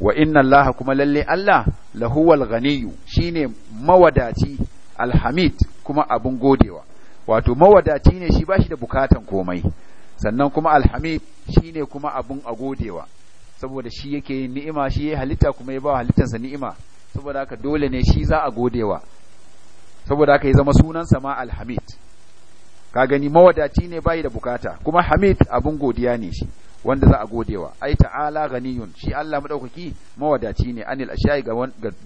A: wa inna Allah kuma lalle Allah lahuwal ganiyu shine mawadaci alhamid kuma abun godewa wato mawadaci ne shi bashi da bukatan komai sannan kuma alhamid shine kuma abun a godewa saboda shi yake yin ni'ima shi ya halitta kuma ya ba halittansa ni'ima saboda haka dole ne shi za a godewa saboda haka ya zama sunansa ma alhamid ka gani mawadaci ne bai da bukata kuma hamid abun godiya ne shi wanda za a godewa ai ta'ala ganiyun shi Allah madaukaki mawadaci ne anil ashyai ga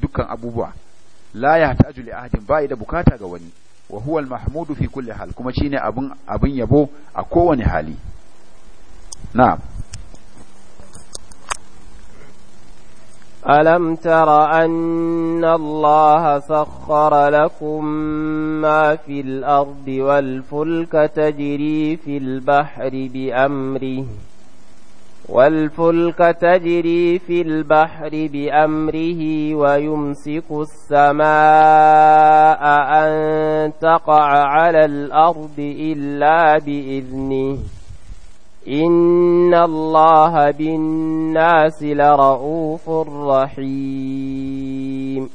A: dukkan abubuwa la ta li ahadin bai da bukata ga wani wa huwa al mahmudu fi kulli hal kuma shine abun abun yabo a kowane hali na'am
B: ألم تر أن الله سخر لكم ما في الأرض والفلك تجري في البحر بأمره والفلك تجري في البحر بأمره ويمسك السماء أن تقع على الأرض إلا بإذنه إن الله بالناس لرؤوف رحيم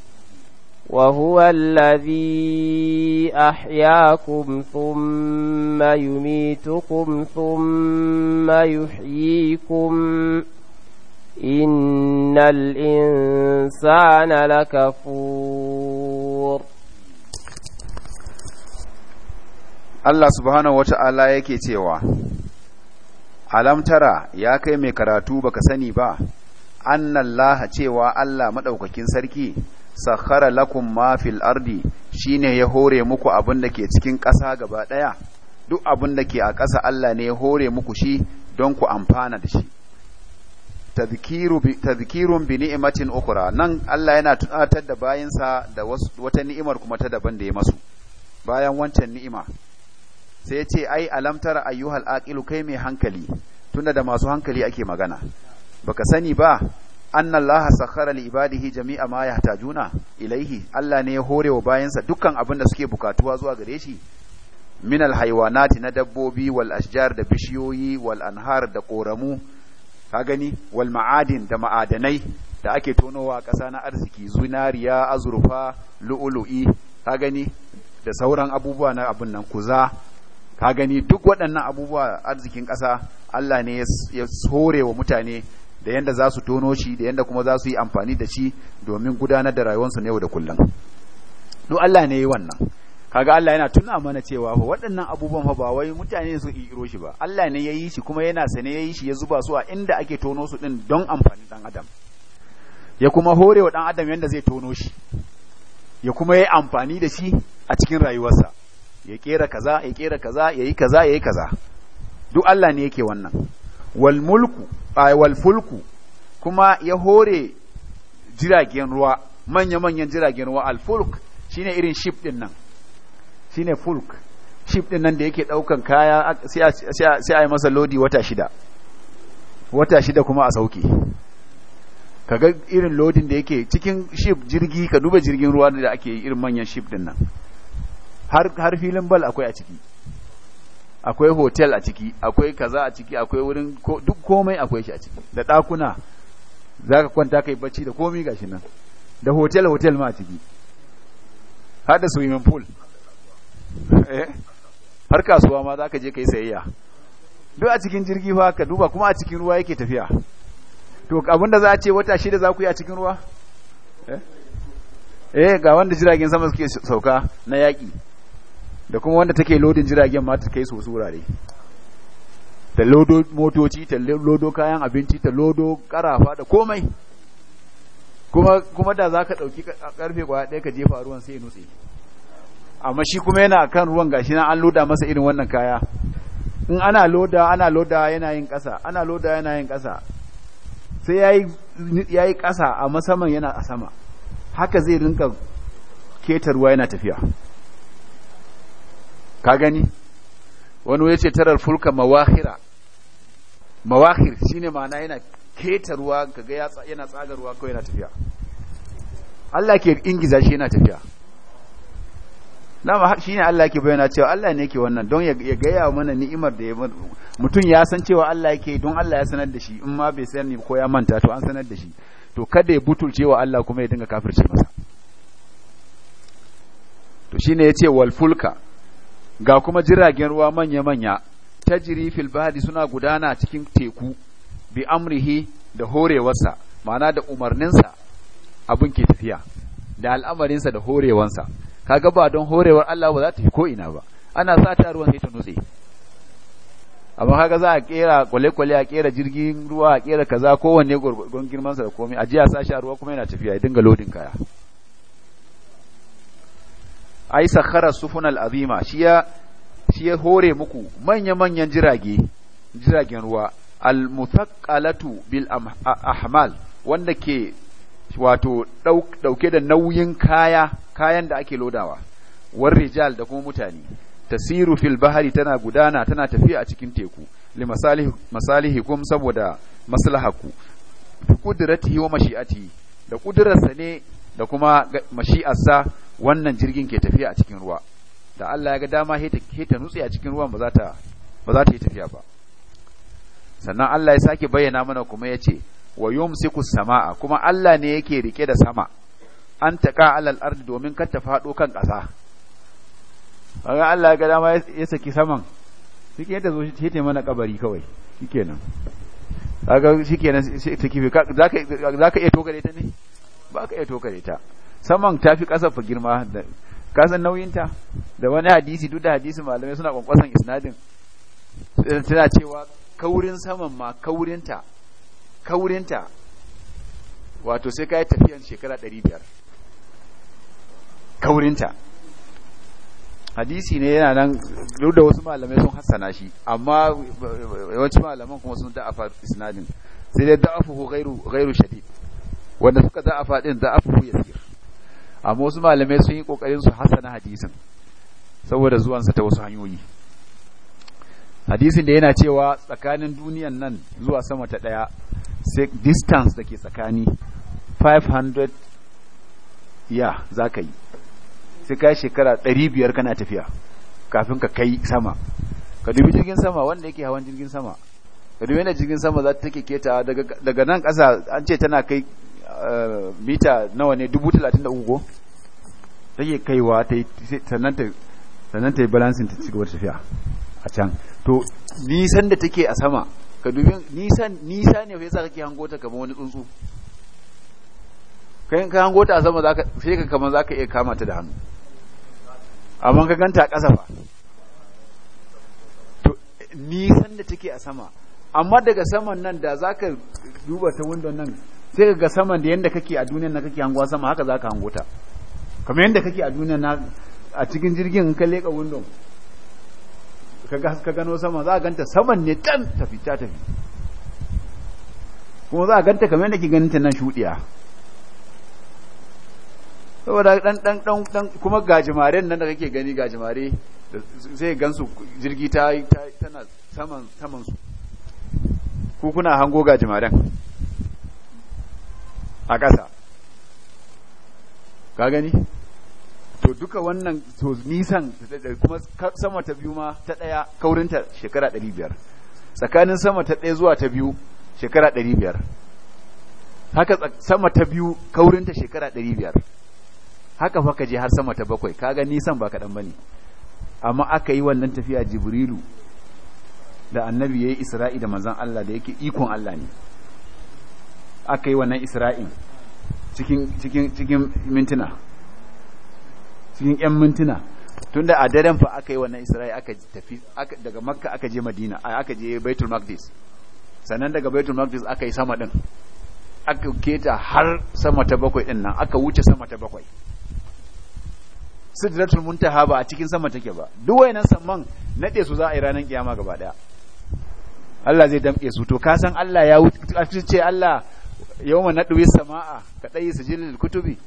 B: وهو الذي أحياكم ثم يميتكم ثم يحييكم إن الإنسان لكفور
A: Allah subhanahu wa ta'ala yake cewa, Alam tara ya kai mai karatu baka sani ba, annan laha cewa Allah maɗaukakin sarki sakhara lakum ma fil ardi shine ya hore muku abin da ke cikin ƙasa gaba ɗaya duk abin da ke a ƙasa Allah ne ya hore muku shi don ku amfana da shi Tazkirun bi ni'matin ukhra nan Allah yana tunatar da bayinsa da wata ni'imar kuma ta daban da ya masu bayan wancan ni'ima sai ya ce ai alamtar ayyuhal aqilu kai mai hankali tunda da masu hankali ake magana baka sani ba anna Allah sakhara li ibadihi jami'a ma yahtajuna ilaihi Allah ne ya hore wa bayansa dukkan abin da suke bukatuwa zuwa gare shi min alhaywanati na dabbobi wal ashjar da bishiyoyi wal anhar da koramu ka gani wal ma'adin da ma'adanai da ake tonowa a ƙasa na arziki zinariya azurfa lu'ulu'i ka gani da sauran abubuwa na abin nan kuza ka gani duk waɗannan abubuwa arzikin ƙasa Allah ne ya hore wa mutane da yanda za su tono shi da yanda kuma za su yi amfani da shi domin gudanar da rayuwarsu na yau da kullum duk Allah ne ya yi wannan kaga Allah yana tuna mana cewa fa waɗannan abubuwan fa ba wai mutane su kirkiro shi ba Allah ne ya yi shi kuma yana sane ya yi shi ya zuba su a inda ake tono su din don amfani dan adam ya kuma hore wa dan adam yanda zai tono shi ya kuma yi amfani da shi a cikin rayuwarsa ya kera kaza ya kera kaza ya yi kaza ya yi kaza duk Allah ne yake wannan Walmulku mulku walfulku kuma ya hore jiragen ruwa manya-manyan jiragen ruwa alfulk fulk shine irin ship din nan shine fulk ship din nan da yake daukan kaya sai a yi masa lodi wata shida wata shida kuma a sauke kaga irin lodin da yake cikin ship jirgi ka duba jirgin ruwa da ake irin manyan ship din nan har filin bal akwai a ciki akwai hotel a ciki akwai kaza a ciki akwai wurin duk komai akwai shi a ciki da ɗakuna za ka kwanta kai bacci da komai gashi nan da hotel hotel ma a ciki har da swimming pool eh? har kasuwa ma za ka je ka yi sayayya duk a cikin jirgi fa ka duba kuma a cikin ruwa yake tafiya to abinda za a ce wata shida za ku yi a cikin ruwa eh, eh ga wanda jiragen sama suke sauka na yaƙi da kuma wanda take lodin jiragen ma ta kai su wurare ta lodo motoci ta lodo kayan abinci ta lodo karafa da komai kuma kuma da zaka dauki karfe kwaya ɗaya ka jefa ruwan sai ya nutse amma shi kuma yana kan ruwan gashi na an loda masa irin wannan kaya in ana loda ana loda yana yin ƙasa ana loda yana yin sai ya yi ƙasa a masaman yana a sama haka zai rinka ruwa yana tafiya ka gani wani ya ce tarar fulka mawahira mawahir shi ne ma'ana yana keta ruwa kaga yana tsaga ruwa kawai yana tafiya Allah ke ingiza shi yana tafiya shi ne Allah ke bayyana cewa Allah ne ke wannan don ya gaya mana ni'imar da ya mutum ya san cewa Allah yake don Allah ya sanar da shi in ma bai ni ko ya manta to an sanar da shi to kada ya butulce wa Allah kuma ya dinga kafirce masa to shine yace wal fulka ga kuma jiragen ruwa manya-manya ta jiri filbadi suna gudana cikin teku bi amrihi da horewarsa ma'ana da umarninsa abin ke tafiya da al'amarinsa da horewarsa kaga ba don horewar Allah ba za ta fi ko'ina ba ana sa ta ruwan sai ta nutse amma kaga za a kera kwale-kwale a kera jirgin ruwa a kera kaza kowanne gurgurgun girmansa da komai a jiya sa sha ruwa kuma yana tafiya ya dinga lodin kaya ai sakhara sufunal azima shi ya shi ya hore muku manya-manyan jirage jiragen ruwa al-muthaqqalatu bil ahmal wanda ke wato dauke da nauyin kaya kayan da ake lodawa war rijal da kuma mutane tasiru fil bahari tana gudana tana tafiya a cikin teku li kum saboda maslahaku fi qudratihi wa mashi'ati da kudurarsa ne da kuma mashi'arsa wannan jirgin ke tafiya a cikin ruwa da Allah ya ga dama he ta nutse a cikin ruwan ba za ta ba za yi tafiya ba sannan Allah ya sake bayyana mana kuma ya ce wa yumsiku samaa kuma Allah ne yake rike da sama an taqa alal ardi domin kar ta fado kan ƙasa kaga Allah ya ga dama ya saki saman shike ta zo shi ta mana kabari kawai shikenan kaga shikenan sai ta kifi zaka zaka iya tokare ta ne ba ka iya tokare ta saman ta fi ƙasa fa girma da kasan nauyinta da wani hadisi duk da hadisi malamai suna ƙwanƙwasan isnadin eh, Suna cewa kaurin saman ma kaurinta kaurinta wato sai ka yi tafiyan shekara 500 kaurinta hadisi ne yana nan duk da wasu malamai sun hassana shi amma eh, yawancin malaman kuma sun da'afa isnadin sai dai da'afuhu ghairu ghairu shadid wanda suka da'afa din fuhu yasir amma wasu malamai sun yi kokarin su hasana hadisin saboda zuwansa ta wasu hanyoyi hadisin da yana cewa tsakanin duniyan nan zuwa sama ta ɗaya distance da ke tsakani 500 ya za ka yi sai ka shekara 500 kana tafiya kafin ka kai sama ka dubi jirgin sama wanda yake hawan jirgin sama ka dubi yana jirgin sama za ta take keta daga nan ƙasa an ce tana kai Eh, mita nawa ne dubu talatin da kaiwa ta yi kaiwa ta sannan ta yi balansin ta cigaba da tafiya a can to nisan da take a sama ka dubi nisan nisa ne yasa kake hango ta kamar wani tsuntsu kai ka hango ta a sama zaka sai ka kamar zaka iya kama ta da hannu amma ka ganta a ƙasa fa to nisan da take a sama amma daga saman nan da zaka duba ta windon nan sai ga saman da yadda kake a duniyar na kake hangowa sama haka za ka hango ta kamar yadda kake a duniyar na a cikin jirgin ka leka windon ka gano sama za a ganta saman ne can tafi ta tafi kuma za a ganta kamar yadda ke ganin ta nan shuɗiya saboda dan dan dan dan kuma gajimaren nan da kake gani gajimare sai gansu jirgi ta tana saman saman su ku kuna hango gajimaren a ƙasa ka gani to duka wannan to nisan kuma sama ta biyu ma ta ɗaya kaurinta shekara ɗari biyar tsakanin sama ta ɗaya zuwa ta biyu shekara ɗari biyar haka sama ta biyu kaurinta shekara ɗari biyar haka fa ka je har sama ta bakwai ka gani nisan ba kaɗan ba ne amma aka yi wannan tafiya jibrilu da annabi ya yi isra'i da manzan Allah da yake ikon Allah ne aka yi wannan isra'in cikin mintuna cikin 'yan mintuna tun da a daren fa aka yi wannan isra'i aka tafi daga makka aka je madina aka je baitul magdis sannan daga baitul magdis aka yi sama din aka keta har sama ta bakwai din nan aka wuce sama ta bakwai sidratul muntaha ba a cikin sama take ba duk wayannan samman nade su za a yi ranar kiyama gaba daya Allah zai damke su to ka san Allah ya wuce ce Allah yau ma naɗuwi samaa su sijilil kutubi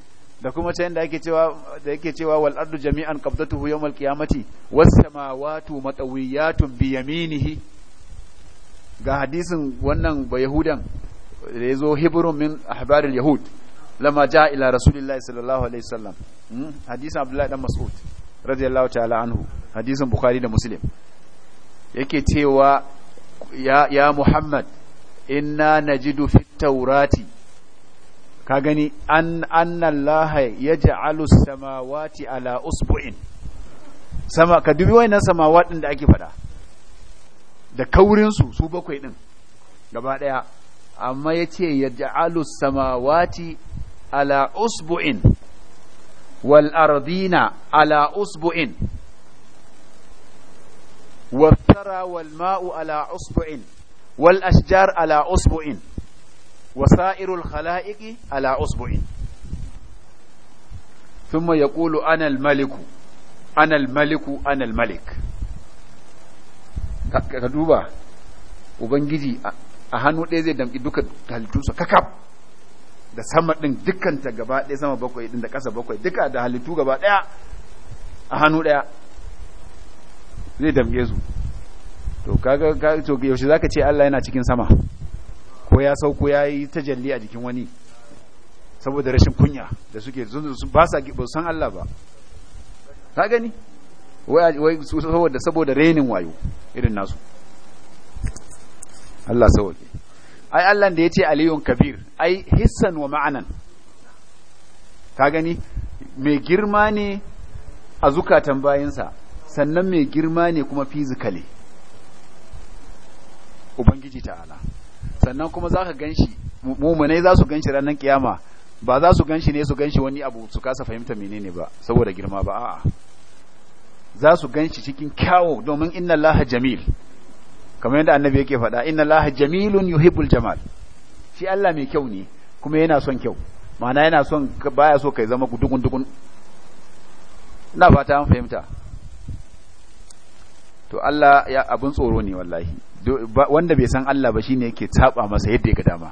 A: da kuma ta yanda cewa da yake cewa wal ardu jami'an qabdatuhu yawmal qiyamati was samawati matawiyatun bi yaminihi ga hadisin wannan ba yahudan da zo hebron min ahbaril yahud lama ja ila rasulillahi sallallahu alaihi wasallam hmm? hadisin abdullahi dan mas'ud radiyallahu ta'ala anhu hadisin bukhari da muslim yake cewa ya muhammad inna najidu fit taurati ka gani an annallaha yaj'alu samawati ala usbu'in sama ka dubi samawa da ake fada da kaurin su bakwai ɗin gaba ɗaya. amma yace yaj'alu samawati ala usbu'in wal ardina ala usbu'in wal ma'u ala usbu'in. wal ashjar ala usbu'in wa sa'irul khala'iqi ala usbu'in thumma yaqulu ana al maliku ana al maliku ana al malik ka duba ubangiji a hannu ɗaya zai damƙi duka halittu halittunsa kakaf da sama ɗin dukkan ta gaba ɗaya sama bakwai ɗin da ƙasa bakwai duka da halittu gaba ɗaya a hannu ɗaya zai damƙe su to kaga to yaushe zaka ce Allah yana cikin sama ko ya sauko yi tajalli a jikin wani saboda rashin kunya da suke ba sa ba san Allah ba ka gani wai saboda saboda renin wayo irin nasu Allah sauke ai Allah da yace aliyun kabir ai hissan wa ma'anan ka gani mai girma ne a zukatan bayinsa sannan mai girma ne kuma physically ubangiji ta'ala sannan kuma za ka gan shi mumunai za su gan shi ranar kiyama ba za su gan shi ne su gan shi wani abu su kasa fahimta menene ba saboda girma ba a'a za su gan shi cikin kyawo domin inna laha jamil kamar yadda annabi yake faɗa inna laha jamilun yuhibbul jamal shi Allah mai kyau ne kuma yana son kyau ma'ana yana son baya so kai zama gudugun dugun ina fata an fahimta to Allah ya abin tsoro ne wallahi wanda bai san Allah ba shi ne yake saba masa yadda ya ga dama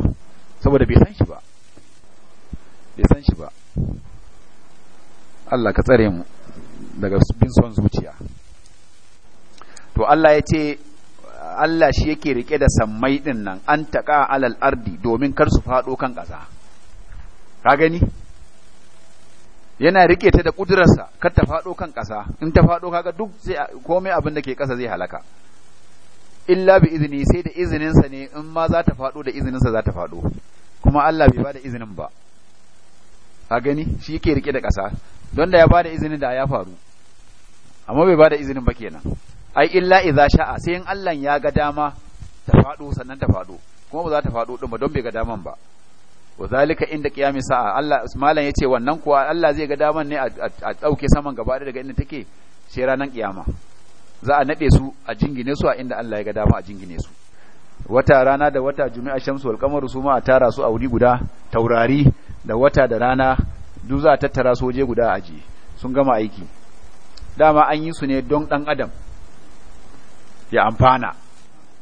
A: saboda bai san shi ba bai san shi ba Allah ka tsare mu daga bin son zuciya to Allah ya ce Allah shi yake rike da sammai din nan an taƙa alal ardi domin kar su faɗo kan ƙasa ka gani yana rike ta da ƙudurarsa kar ta faɗo kan ƙasa in ta faɗo kaga duk komai abin da ke ƙasa zai halaka illa bi izini sai da izininsa ne in ma za ta faɗo da izininsa za ta faɗo kuma Allah bai bada izinin ba a gani shi yake rike da ƙasa don da ya bada izinin da ya faru amma bai bada izinin ba kenan ai illa idza sha'a sai in Allah ya ga dama ta faɗo sannan ta faɗo kuma ba za ta faɗo din ba don bai ga daman ba wa zalika inda qiyamis sa'a Allah malam yace wannan kuwa Allah zai ga daman ne a dauke saman gaba daga inda take sai ranan kiyama za a nade su a jingine su a inda Allah ya ga dama a jingine su wata rana da wata jumi'a shamsu wal su ma a tara su a wuri guda taurari da wata da rana duk za a tattara su waje guda a aji sun gama aiki dama an yi su ne don dan adam ya amfana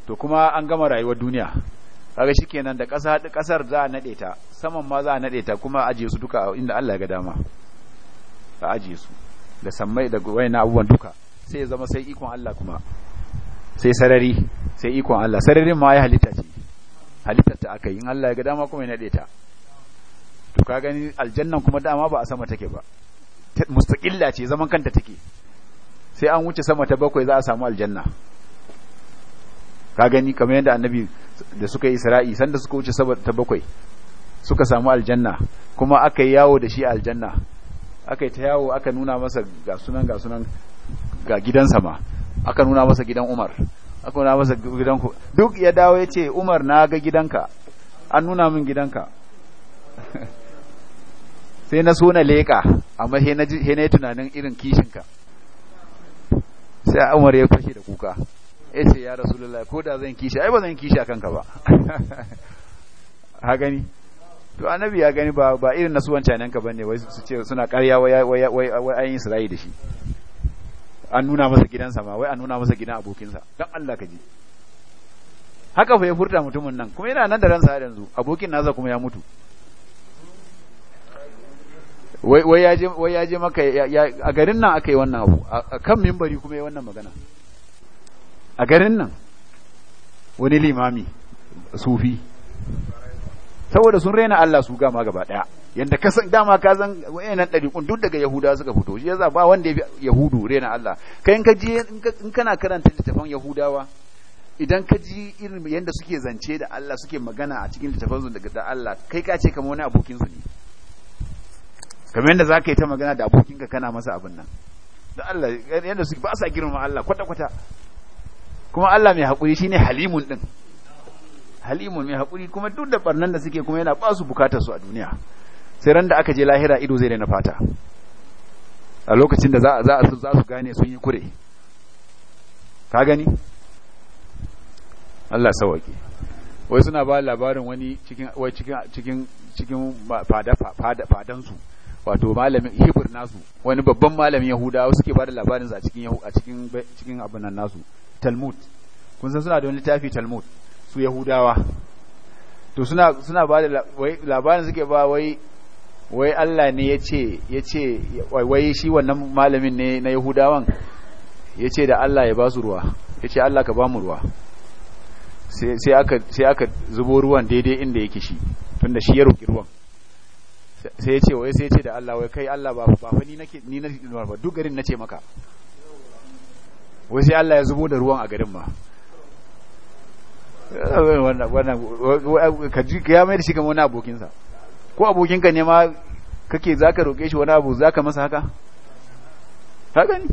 A: to kuma an gama rayuwar duniya kaga shikenan da ƙasa ƙasar za a nade ta saman ma za a nade ta kuma ajiye su duka inda Allah ya ga dama a ajiye su da sammai da wayannan abubuwan duka sai zama sai ikon Allah kuma sai sarari sai ikon Allah sararin ma ya halitta ce halittar ta aka yi in Allah ya ga dama kuma ya nade ta to ka gani aljannan kuma dama ba a sama take ba mustaqilla ce zaman kanta take sai an wuce sama ta bakwai za a samu aljanna ka gani kamar yadda annabi da suka yi isra'i sanda suka wuce sama ta bakwai suka samu aljanna kuma aka yi yawo da shi aljanna aka yi ta yawo aka nuna masa ga sunan ga sunan ga gidansa ma aka nuna masa gidan Umar aka nuna masa gidan duk ya dawo ya ce Umar na ga gidanka an nuna min gidanka sai na so na leƙa amma he na yi tunanin irin kishinka sai Umar ya fashe da kuka ya ce ya Rasulullah ko da zan kishi ai ba zan kishi a kanka ba ha gani to annabi ya gani ba irin na su wancan yanka bane wai su ce suna karya wai wai wai ayin su da shi an nuna masa gidansa ma wai an nuna masa gidan abokinsa don Allah ka ji haka fa ya furta mutumin nan kuma yana nan da ransa har yanzu abokin nasa kuma ya mutu wai wai ya je wai ya je maka a garin nan aka yi wannan abu a kan mimbari kuma ya wannan magana a garin nan wani limami sufi saboda sun raina Allah su gama gaba daya yanda ka san dama ka san wayannan ɗariƙun duk daga Yahudawa suka fito shi yasa ba wanda ya Yahudu rena Allah kai in ka ji in kana karanta littafin Yahudawa idan ka ji irin yanda suke zance da Allah suke magana a cikin littafin su daga Allah kai ka ce kamar wani abokin su ne kamar yanda zaka yi ta magana da abokinka kana masa abin nan da Allah yanda su ba sa girma Allah kwata kwata kuma Allah mai hakuri shine halimun din halimun mai hakuri kuma duk da barnan da suke kuma yana ba su bukatar su a duniya sai ran da aka je lahira ido zai daina fata a lokacin da za za su gane sun yi kure ka gani Allah sawaki wai suna ba labarin wani cikin cikin fada wato malamin hibir nasu wani babban malamin yahudawa suke ba da labarin a cikin a cikin nasu talmud kun san suna da wani littafi talmud su yahudawa to suna suna ba da labarin suke ba wai wai Allah ne ya ce ya ce wai shi wannan malamin ne na yahudawan ya ce da Allah ya ba su ruwa ya ce Allah ka ba mu ruwa sai aka zubo ruwan daidai inda yake shi tun da shi ya roƙi ruwan sai ya ce wai sai ya ce da Allah wai kai Allah ba fa ni na ni na ba duk garin na ce maka wai sai Allah ya zubo da ruwan a garin ma wannan wannan ka ji ya mai da shi kama wani abokinsa ko abokinka ne ma kake za ka roƙe shi wani abu za ka masa haka ta gani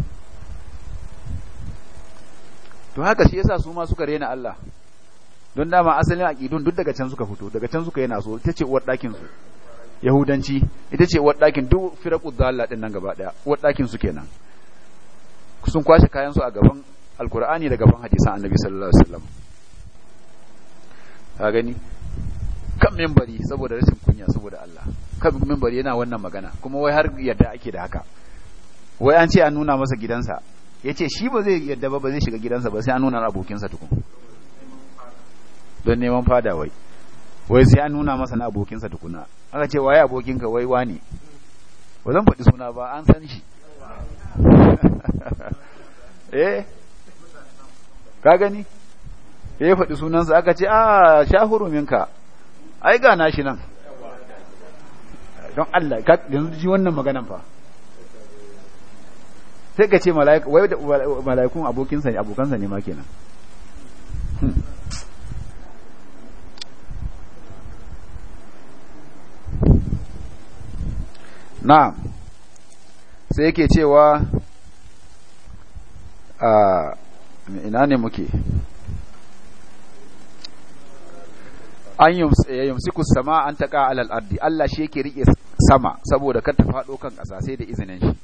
A: to haka shi yasa su ma suka rena Allah don dama asalin aƙidun duk daga can suka fito daga can suka yana so ita ce uwar ɗakin su yahudanci ita ce uwar ɗakin duk firaku zalla ɗin nan gaba ɗaya uwar ɗakin su kenan sun kwashe kayan su a gaban alkur'ani da gaban hadisan annabi sallallahu alaihi wasallam ka gani kan membari saboda rashin kunya saboda Allah kan membari yana wannan magana kuma wai har yadda ake da haka wai an ce an nuna masa gidansa Ya ce shi ba zai yadda ba ba zai shiga gidansa ba sai an nuna abokinsa tukun don neman fada wai wai sai an nuna masa na abokinsa tukuna aka ce waye abokinka wai wani ba zan faɗi suna ba an san shi eh ka gani ya faɗi sunansa aka ce a ah, shahuru minka ai ga nashi nan don Allah yanzu ji wannan maganan fa sai ka ce wai da mala'ikun sa ne sa ne ma kenan hmm. Na sai yake cewa a ah, ina ne muke an eh, yumsiku sama an taƙa alal ardi Allah shi yake rike sama saboda kar ta faɗo kan ƙasa sai da izinin shi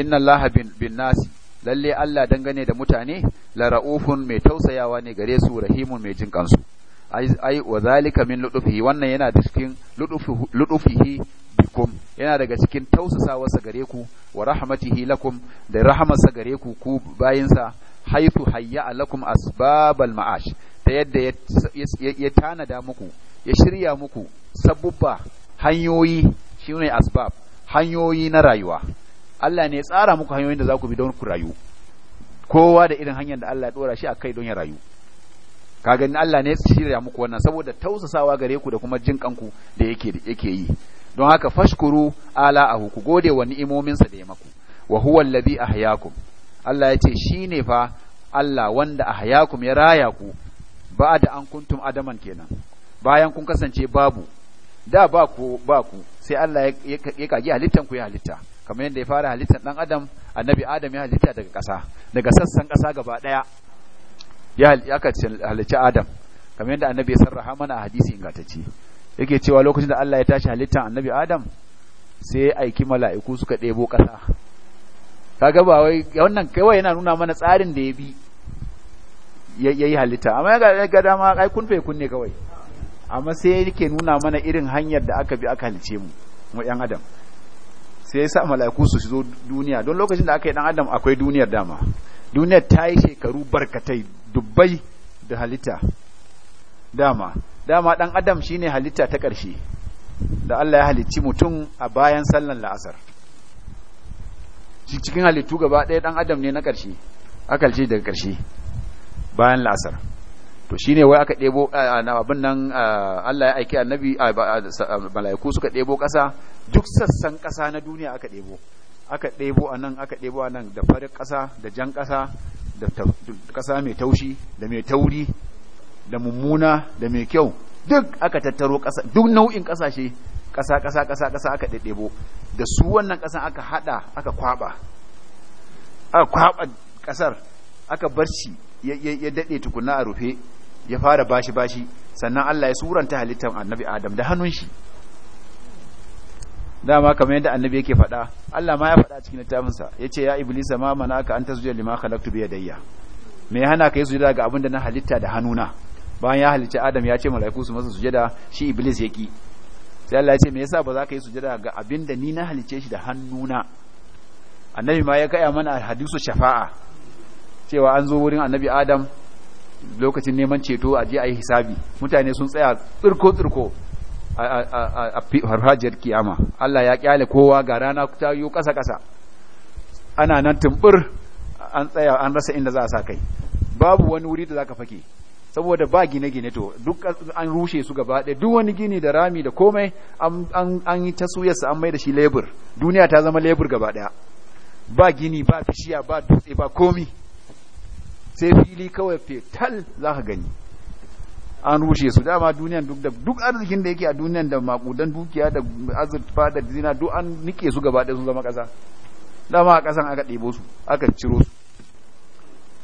A: inna Allah bin nasi lalle Allah dangane da mutane la raufun mai tausayawa ne gare su rahimun mai jin kansu ai wa zalika min ludufihi wannan yana da cikin ludufihi bikum yana daga cikin sa gare ku wa rahmatihi lakum da rahamarsa gare ku ku bayinsa haitu hayya lakum asbabal ma'ash ta yadda ya tanada muku ya shirya muku sabubba hanyoyi shine asbab hanyoyi na rayuwa Allah ne ya tsara muku hanyoyin da za ku bi don ku rayu kowa da irin hanyar da Allah ya dora shi a kai don ya rayu ka gani Allah ne ya shirya muku wannan saboda tausasawa gare ku da kuma jin kanku da yake yake yi don haka fashkuru ala ahu ku gode wa ni'imomin sa da ya maku wa huwa allazi ahyaakum Allah ya ce shine fa Allah wanda ahyakum ya raya ku ba da an kuntum adaman kenan bayan kun kasance babu da ba ku ba ku sai Allah ya kage halittan ku ya halitta kamar yadda ya fara halittan dan adam annabi adam ya halitta daga kasa daga sassan ƙasa gaba daya ya aka halicci adam kamar yadda annabi ya sarraha mana a hadisi ingantacce yake cewa lokacin da Allah ya tashi halittan annabi adam sai aiki mala'iku suka debo kasa kaga ba wai wannan kawai yana nuna mana tsarin da ya bi yi halitta amma ya ga dama ai kun fa kun ne kawai amma sai yake nuna mana irin hanyar da aka bi aka halice mu mu yan adam sai ya sa mala'iku su zo duniya don lokacin da aka yi dan adam akwai duniyar dama duniyar ta yi shekaru barkatai dubbai da halitta dama dama dan adam shine halitta ta ƙarshe da Allah ya halicci mutum a bayan sallan la'asar cikin halittu gaba ɗaya dan adam ne na ƙarshe akalce daga ƙarshe bayan la'asar to shi ne wai aka ɗebo abin nan Allah ya aiki annabi mala'iku suka ɗebo ƙasa duk sassan ƙasa na duniya aka ɗebo aka ɗebo a nan aka ɗebo a nan da farin ƙasa da jan ƙasa da ƙasa mai taushi da mai tauri da mummuna da mai kyau duk aka tattaro ƙasa duk nau'in ƙasashe ƙasa ƙasa ƙasa ƙasa aka ɗebo da su wannan ƙasa aka haɗa aka kwaɓa aka kwaɓa ƙasar aka bar ya dade tukunna a rufe ya fara bashi bashi sannan Allah ya suranta halittar annabi Adam da hannun shi dama kamar yadda annabi yake faɗa Allah ma ya faɗa cikin littafinsa ya ce ya iblisa ma mana manaka an zuje lima khalaqtu bi yadayya me hana kai sujada ga abinda na halitta da hannuna bayan ya halicci Adam ya ce mala'iku su masa sujada shi iblis ya sai Allah ya ce me yasa ba za ka yi sujada ga abin da ni na halicce shi da hannuna annabi ma ya gaya mana hadisu shafa'a cewa an zo wurin annabi adam lokacin neman ceto a je a yi hisabi mutane sun tsaya tsirko-tsirko a farfajiyar kiyama Allah ya kyale kowa ga rana ta yi kasa-kasa ana nan tumbur an tsaya an rasa inda za a sa kai babu wani wuri da za ka fake saboda ba gine-gine to duk an rushe su gaba ɗaya duk wani gini da rami da komai an yi ta suyarsa an mai da shi lebur duniya ta zama lebur gaba ɗaya ba gini ba fishiya ba dutse ba komi sai fili kawai fetal za ka gani an rushe su dama duniyan duk da duk arzikin da yake a duniyan da makudan dukiya da azurfa da zina duk an nike su gaba ɗaya sun zama ƙasa dama a ƙasan aka ɗebo su aka ciro su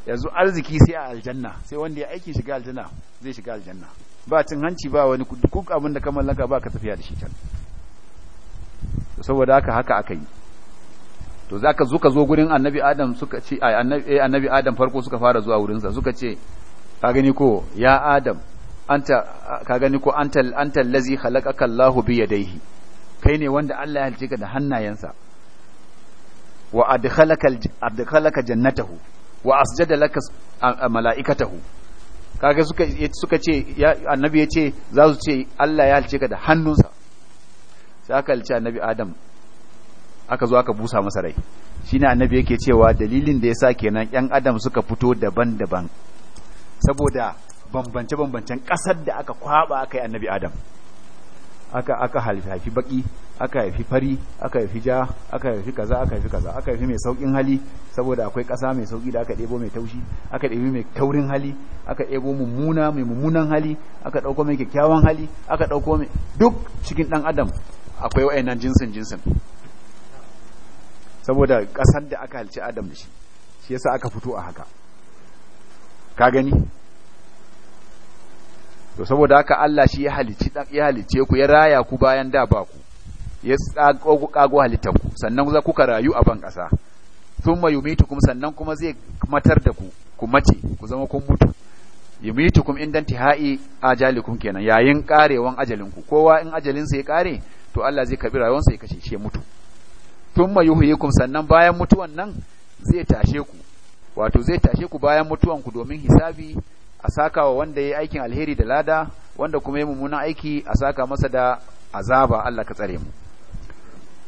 A: yanzu arziki sai a aljanna sai wanda ya aiki shiga aljanna zai shiga aljanna ba cin hanci ba wani duk abin da ka mallaka ba ka tafiya da shi can saboda haka haka aka yi to zaka ka zo gurin annabi adam suka ce eh, annabi adam farko suka fara zuwa wurinsa suka ce ka gani ko ya adam anta ka gani ko anta anta allazi khalaqaka Allahu bi yadayhi kai ne wanda Allah ya halice ka da hannayensa wa adkhalaka adkhalaka jannatahu wa asjada laka malaikatahu kaga suka suka ce annabi yace za su ce Allah ya halice ka da hannunsa sai aka halice annabi adam aka zo aka busa masa rai ne annabi yake cewa dalilin da ya sa kenan yan adam suka fito daban-daban saboda bambance-bambancen ƙasar da aka kwaba aka yi annabi adam aka haifi baki aka haifi fari aka haifi ja aka haifi kaza aka haifi kaza aka haifi mai saukin hali saboda akwai ƙasa mai sauki da aka ɗebo mai taushi aka ɗebi mai taurin hali aka ɗebo mummuna mai mummunan hali aka ɗauko mai kyakkyawan hali aka ɗauko mai duk cikin ɗan adam akwai wayannan jinsin jinsin saboda ƙasar da aka halci adam da shi shi yasa aka fito a haka ka gani to saboda haka Allah shi ya halici ya halice ku ya raya ku bayan da ba ku ya tsago ku kago halittar ku sannan za kuka rayu a ban ƙasa thumma yumitukum sannan kuma zai matar da ku ku mace ku zama kun mutu yumitukum indan tihai ajalikum kenan yayin karewan ajalinku kowa in ajalin sa ya kare to Allah zai kabi rayuwansa ya kashe shi ya mutu thumma yuhyikum sannan bayan mutuwan nan zai tashe ku wato zai tashe ku bayan mutuwan ku domin hisabi a saka wa wanda yayi aikin alheri da lada wanda kuma yayi mummunan aiki a saka masa da azaba Allah ka tsare mu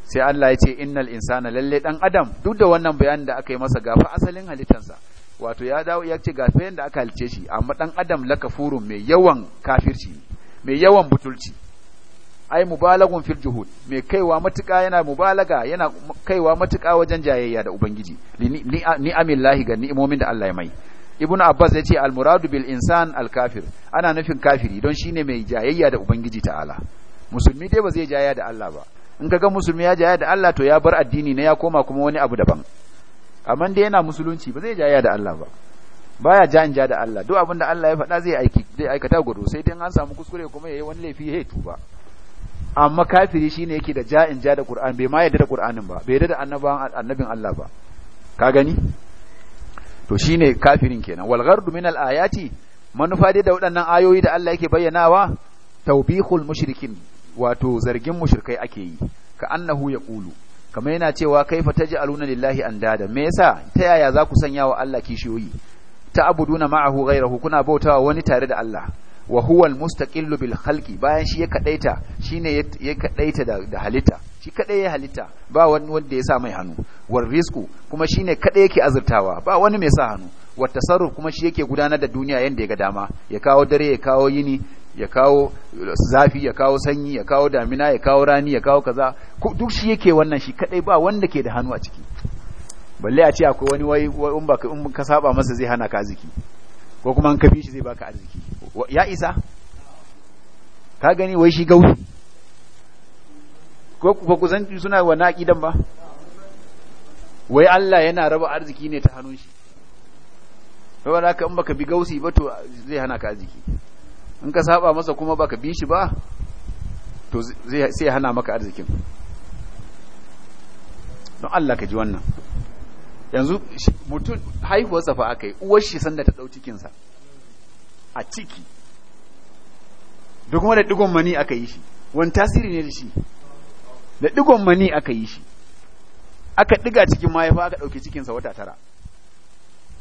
A: sai Allah ya ce innal insana lalle dan adam duk da wannan bayanin da aka yi masa gafa asalin halittansa wato ya dawo ya ce gafe yanda aka halice shi amma dan adam lakafurun mai yawan kafirci mai yawan butulci ai mubalagun fil juhud mai kaiwa matuƙa yana mubalaga yana kaiwa matuƙa wajen jayayya da ubangiji ni ni'amillahi ga ni'imomin da Allah ya mai ibnu abbas yace al muradu bil insan al kafir ana nufin kafiri don shine mai jayayya da ubangiji ta'ala musulmi dai ba zai jayayya da Allah ba in kaga musulmi ya jayayya da Allah to ya bar addini ne ya koma kuma wani abu daban amma dai yana musulunci ba zai jayayya da Allah ba baya janja da Allah duk abin da Allah ya faɗa zai aiki zai aikata gudu sai dai an samu kuskure kuma yayi wani laifi ya tuba amma kafiri shine yake da ja'in ja da Qur'an bai ma yadda da Qur'anin ba bai yadda da annabin Allah ba ka gani to shine kafirin kenan wal ghardu min al ayati manufa dai da waɗannan ayoyi da Allah yake bayyanawa tawbihul mushrikin wato zargin mushrikai ake yi ka annahu yaqulu kamar yana cewa kaifa taj'aluna lillahi andada me yasa ta yaya za ku sanya wa Allah kishiyoyi ta abuduna ma'ahu ghayrahu kuna bautawa wani tare da Allah wa huwa almustaqillu bil khalqi bayan shi ya kadaita shine ya kadaita da, halitta shi kadai ya halitta ba wani wanda ya sa mai hannu war risku kuma shine kadai yake azurtawa ba wani mai sa hannu war tasarruf kuma shi yake gudanar da duniya yanda ya ga dama ya kawo dare ya kawo yini ya kawo zafi ya kawo sanyi ya kawo damina ya kawo rani ya kawo kaza duk shi yake wannan shi kadai ba wanda ke da hannu a ciki balle a ce akwai wani wai in ka saba masa zai hana ka arziki ko kuma an kafi shi zai baka arziki ya isa ka gani wai shi gauri ko ba ku san suna wa naƙidan ba wai Allah yana raba arziki ne ta hannun shi ba ba ka in baka bi gausi ba to zai hana ka arziki in ka saba masa kuma baka bi shi ba to sai hana maka arzikin don Allah ka ji wannan yanzu mutum haihuwarsa fa aka yi uwar shi sanda ta ɗau cikinsa a ciki da kuma da digon mani aka yi shi wani tasiri ne da shi da digon mani aka yi shi aka diga cikin mahaifa aka ɗauki cikinsa wata tara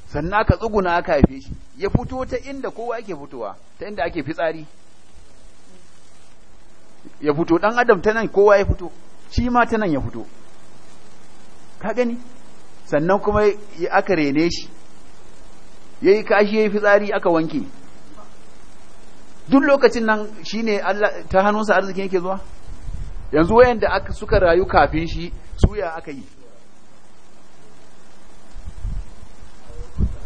A: sannan aka tsuguna aka haife shi ya fito ta inda kowa yake fitowa ta inda ake fitsari ya fito ɗan adam ta nan kowa ya fito shi ma ta nan ya fito ka gani sannan kuma aka rene shi ya yi kashi ya yi fitsari aka wanke duk lokacin nan shi Allah ta hannunsa arzikin yake zuwa yanzu wayanda aka suka rayu kafin shi suya aka yi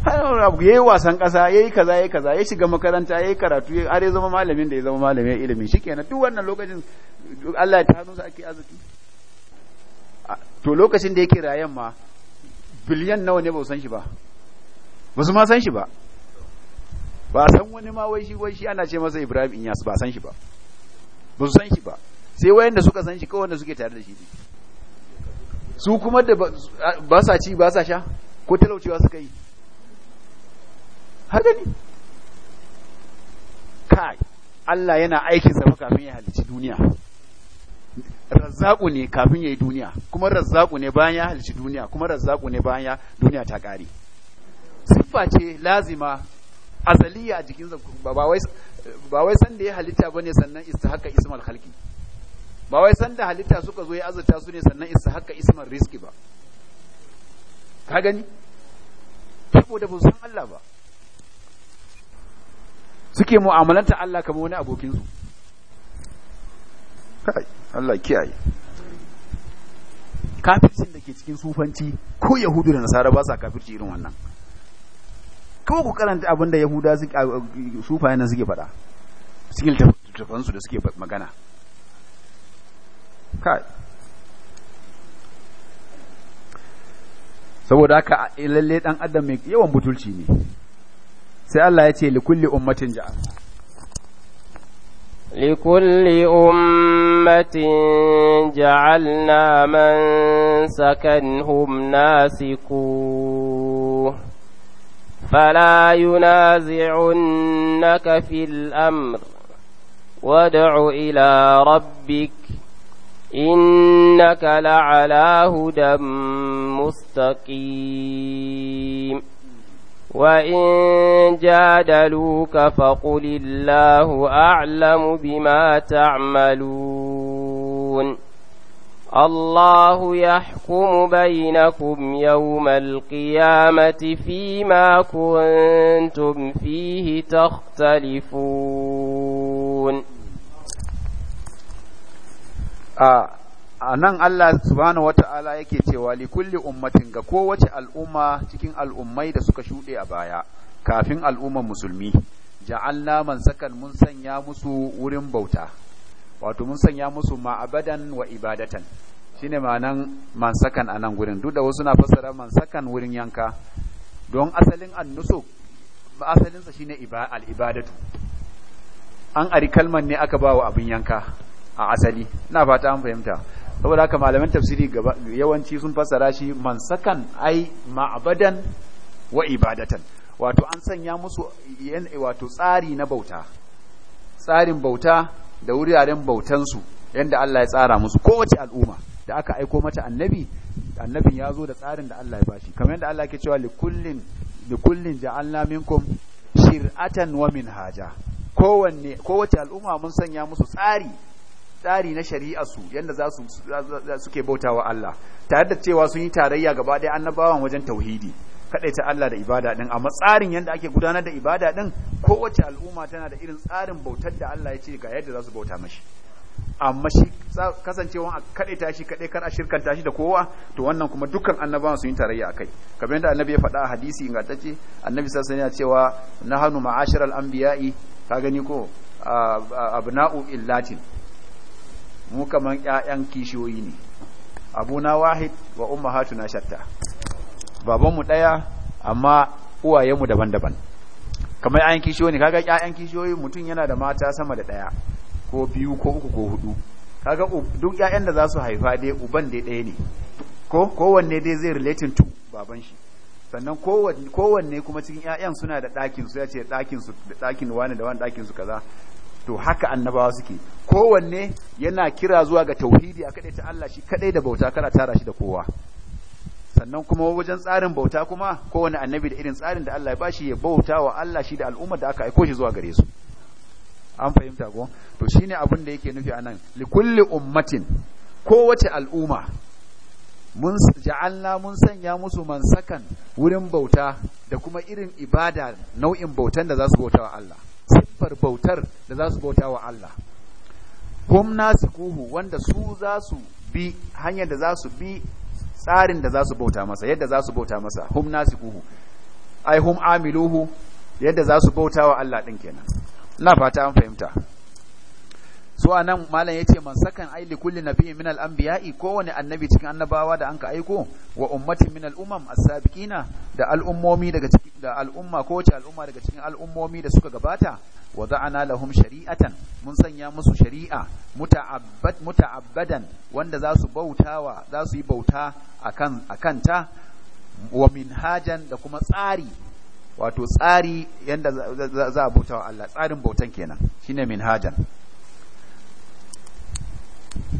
A: ya yi wasan ƙasa ya yi kaza ya yi kaza ya shiga makaranta ya yi karatu har ya zama malamin da ya zama malamin ilimin shi kenan duk wannan lokacin Allah ya tanu ake arziki to lokacin da yake rayan ma biliyan nawa ne ba san shi ba ba su ma san shi ba ba san wani ma wai shi wai shi ana ce masa Ibrahim Inyas ba san shi ba ba su san shi ba sai wayanda suka san shi kawai wanda suke tare da shi ne su kuma da ba sa ci ba sa sha ko talaucewa suka yi haka ne kai Allah yana aikin sa kafin ya halici duniya razzaku ne kafin ya yi duniya kuma razzaku ne bayan ya halici duniya kuma razzaku ne bayan ya duniya ta kare siffa ce lazima azaliya a jikinsa ba wai da ya halitta ba ne sannan isa haka ismar halki ba wai da halitta suka zo ya azata su ne sannan isa haka ismar riski ba ka gani saboda ba san Allah ba suke mu'amalanta Allah kamar wani abokinsu kai Allah kiyaye kafircin da ke cikin sufanci ko yahudu da nasara ba sa kafirci irin wannan kawai ku karanta abin da yahuda sufaye nan suke faɗa cikin littafansu da suke magana kai saboda haka lalle dan adam mai yawan butulci ne sai Allah ya ce likulli ummatin ja'al
B: لكل ummatin ja'alna man sakanhum ناسكون فلا ينازعنك في الأمر وادع إلى ربك إنك لعلى هدى مستقيم وإن جادلوك فقل الله أعلم بما تعملون الله ya بينكم يوم القيامة فيما كنتم فيه تختلفون a
A: nan Allah subhanahu wata'ala yake cewa li ummatin ga kowace al'umma cikin al'ummai da suka shuɗe a baya kafin al'ummar musulmi ja'alna man sakan mun sanya musu wurin bauta wato mun sanya musu ma'abadan wa ibadatan shine ma'anan mansakan a nan gurin duk da wasu na fassara mansakan wurin yanka don asalin ba asalinsa shine al-ibadatu an ari kalman ne aka bawa abin yanka a asali ina fata an fahimta saboda haka malaman tafsiri yawanci sun fassara shi mansakan ai ma'abadan wa ibadatan wato an sanya musu wato tsari na bauta tsarin bauta da wuraren bautansu yadda Allah ya tsara musu kowace al'umma da aka aiko mata annabi annabin ya zo da tsarin da Allah ya bashi kamar yadda Allah ke cewa likullin likullin ja'alna minkum shir'atan wa minhaja kowanne kowace al'umma mun sanya musu tsari tsari na shari'a su yadda za su suke bautawa Allah tare da cewa sun yi tarayya gaba ɗaya annabawan wajen tauhidi ta Allah da ibada din amma tsarin yanda ake gudanar da ibada din kowace al'umma tana da irin tsarin bautar da Allah ya ce ga yadda za su bauta mashi amma shi kasancewa a kadaita shi kadai kar a shirkanta shi da kowa to wannan kuma dukkan annabawan sun yi tarayya akai kamar yadda annabi ya faɗa a hadisi ingantacce annabi sallallahu alaihi cewa nahanu ma'asharal anbiya'i ka gani ko abna'u illatin mu kaman ƴaƴan kishiyoyi ne abuna wahid wa ummahatuna shatta babanmu ɗaya amma uwayenmu daban-daban kamar 'ya'yan kishiyoyi kaga 'ya'yan kishiyoyi mutum yana da mata sama da ɗaya ko biyu ko uku ko hudu kaga duk 'ya'yan da za su haifa dai uban dai ɗaya ne ko kowanne dai zai relate to baban shi sannan kowanne kuma cikin 'ya'yan suna da ɗakin su ya ce ɗakin su da ɗakin wani da wani ɗakin su kaza to haka annabawa suke kowanne yana kira zuwa ga tauhidi a kaɗai ta Allah shi kaɗai da bauta kana tara shi da kowa sannan kuma wajen tsarin bauta kuma kowane annabi da irin tsarin da Allah ya bashi ya bauta wa Allah shi da al'ummar da aka aiko shi zuwa gare su an fahimta ko to shine abin da yake nufi anan li kulli ummatin kowace al'umma mun ja'alna mun sanya musu mansakan wurin bauta da kuma irin ibada nau'in bautan da za su bauta wa Allah siffar bautar da za su bauta wa Allah hum nasikuhu wanda su za su bi hanyar da za su bi tsarin da za su bauta masa yadda za su bauta masa hum nasikuhu ai hum amiluhu yadda za su bauta wa Allah ɗin kenan ina fata an fahimta so anan malam yace man sakan ai li kulli nabiyyin min al-anbiya'i kowane annabi cikin annabawa da anka aiko wa ummatin min al-umam as da al'ummomi daga cikin da al'umma ko wace al'umma daga cikin al'ummomi da suka gabata wa na lahum shari'atan mun sanya musu shari'a muta'abbad muta'abbadan wanda za su bautawa za su yi bauta akan kanta wa minhajan da kuma tsari wato tsari yanda za a bautawa Allah tsarin bautan kenan shine minhajan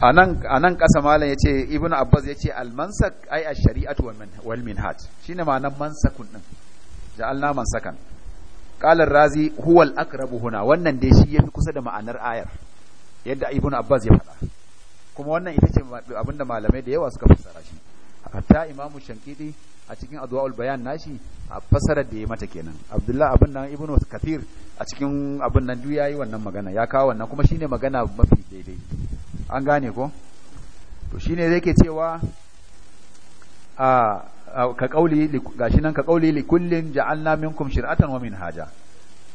A: a nan ƙasa malam ya ce ibn abbas ya ce almansak ai a shari'atu wal minhaj shi ne ma'anar mansakun ɗin ja'alna mansakan ƙalar razi huwal akrabu huna wannan dai shi ya fi kusa da ma'anar ayar yadda ibn abbas ya faɗa kuma wannan ita ce abinda malamai da yawa suka fassara shi hatta imamu shankidi a cikin adwa'ul bayan nashi a fassarar da ya mata kenan abdullah abin nan Ibn kathir a cikin abin nan duk yayi wannan magana ya kawo wannan kuma shine magana mafi daidai an gane ko to shine zai ke cewa a ka kauli gashi nan ka kauli li kullin ja'alna minkum shir'atan wa minhaja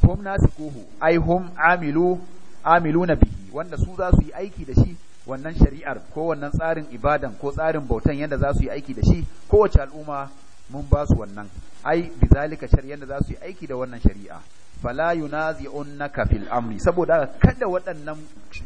A: hum nasikuhu ai hum amilu amiluna bihi wanda su za su yi aiki da shi wannan shari'ar ko wannan tsarin ibadan ko tsarin bautan yadda za su yi aiki da shi kowace al'umma mun ba su wannan ai bizalika shari'ar yadda za su yi aiki da wannan shari'a fala yunazi'unnaka fil amri saboda kada waɗannan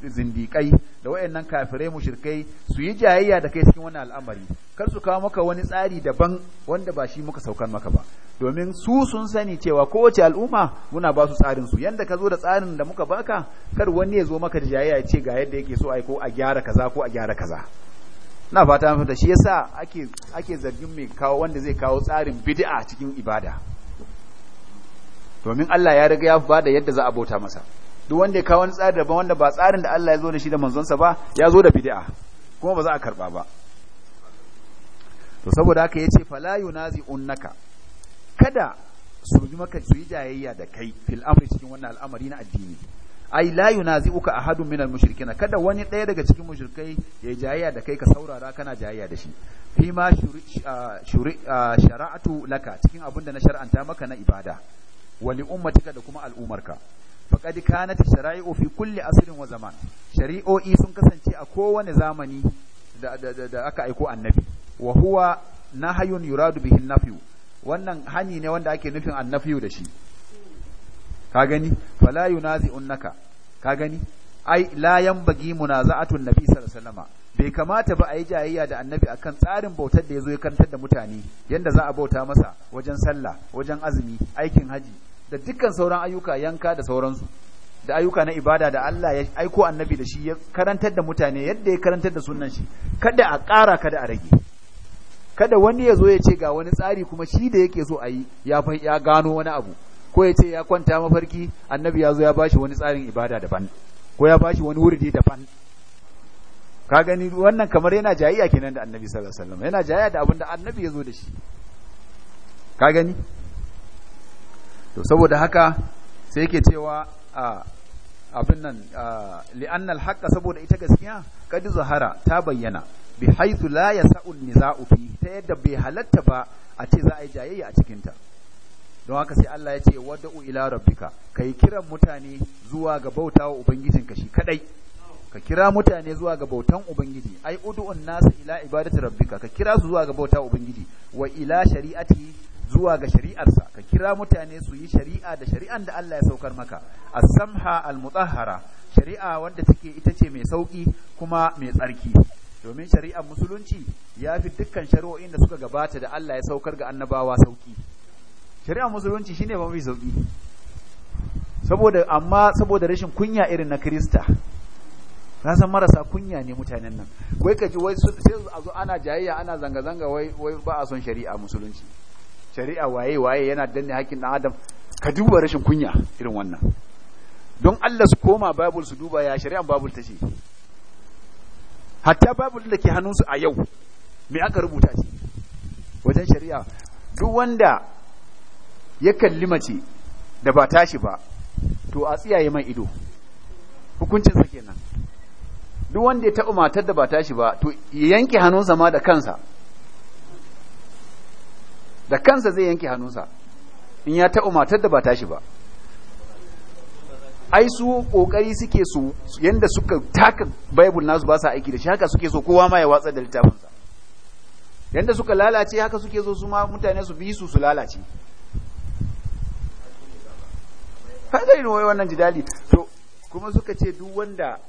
A: zindikai da waɗannan kafirai mushrikai su yi jayayya da kai cikin wannan al'amari kar su kawo maka wani tsari daban wanda ba shi muka saukar maka ba domin su sun sani cewa kowace al'umma muna ba su tsarin su yanda ka zo da tsarin da muka baka kar wani ya zo maka da jayayya ya ce ga yadda yake so ai ko a gyara kaza ko a gyara kaza na fata mun fita shi yasa ake ake zargin mai kawo wanda zai kawo tsarin bid'a cikin ibada domin Allah ya riga ya ba da yadda za a bauta masa duk wanda ya kawo wani tsari daban wanda ba tsarin da Allah ya zo da shi da manzonsa ba ya zo da bid'a kuma ba za a karba ba to saboda haka yace fala yunazi'unnaka kada su yi maka su yi jayayya da kai fil amri cikin wannan al'amari na addini ai la yunazi'uka ahadun minal mushrikin kada wani ɗaya daga cikin mushrikai ya yi jayayya da kai ka saurara kana jayayya da shi Fima ma ah, ah, shari'atu laka cikin abin da na shar'anta maka na ibada wa ummatika da kuma al'umarka faqad kanat shara'i'u fi kulli asrin wa zaman shari'o'i sun kasance a kowane zamani da, da, aka aiko annabi wa huwa nahayun yuradu bihi an-nafyu wannan hani ne wanda ake nufin annafiyu da shi ka gani fala unnaka. ka gani ai la yanbaghi munaza'atun nabi sallallahu alaihi wasallam bai kamata ba a yi jayayya da annabi akan tsarin bautar da ya zo ya kantar da mutane yadda za a bauta masa wajen sallah wajen azumi aikin haji da dukkan sauran ayyuka yanka da sauransu da ayyuka na ibada da Allah ya aiko annabi da shi ya karantar da mutane yadda ya karantar da sunan shi kada a ƙara kada a rage kada wani ya zo ya ce ga wani tsari kuma shi da yake so a yi ya gano wani abu ko ya ce ya kwanta mafarki annabi ya zo ya bashi wani tsarin ibada daban ko ya bashi wani wurdi daban ka gani wannan kamar yana jayayya kenan da annabi sallallahu alaihi wasallam yana jayayya da abin da annabi ya zo da shi ka gani to saboda haka sai yake cewa a abin nan li'annal haqqa saboda ita gaskiya kadi zahara ta bayyana bi haithu la ya yasa'u ni za'ufi ta yadda bai halatta ba a ce za a yi jayayya a cikinta. don haka sai Allah ya ce wadda u ila rabbika yi kiran mutane zuwa ga bautawa ka shi kadai ka kira mutane zuwa ga bautan ubangiji ai udu'un nasu ila ibadati rabbika ka kira su zuwa ga bauta ubangiji wa ila shari'ati zuwa ga shari'arsa ka kira mutane su yi shari'a da shari'an da Allah ya saukar maka as-samha al-mutahhara shari'a wanda take ita ce mai sauki kuma mai tsarki domin shari'ar musulunci ya fi dukkan shari'o'in da suka gabata da Allah ya saukar ga annabawa sauki shari'ar musulunci shine ba mafi sauki saboda amma saboda rashin kunya irin na Kirista na san marasa kunya ne mutanen nan wai kaji wai sai a zo ana jayayya ana zanga zanga wai wai ba a son shari'a musulunci shari'a waye waye yana danne hakkin ɗan adam ka duba rashin kunya irin wannan don Allah su koma babul su duba ya shari'an babul ta ce hatta babul da ke hannunsu a yau me aka rubuta ce wajen shari'a duk wanda ya kalli mace da ba tashi ba to a tsiyaye mai ido hukuncin sa kenan duk wanda ya taɓa matar da ba tashi ba to yanke hannunsa ma da kansa da kansa zai yanke hannunsa in ya taɓa matar da ba tashi ba ai su kokari suke su yanda suka taka bible nasu ba sa aiki da shi haka suke so kowa ma ya watsa da littafinsa yanda suka lalace haka suke so su ma mutane su bi su su lalace kaga yin wai wannan jidali to kuma suka ce duk wanda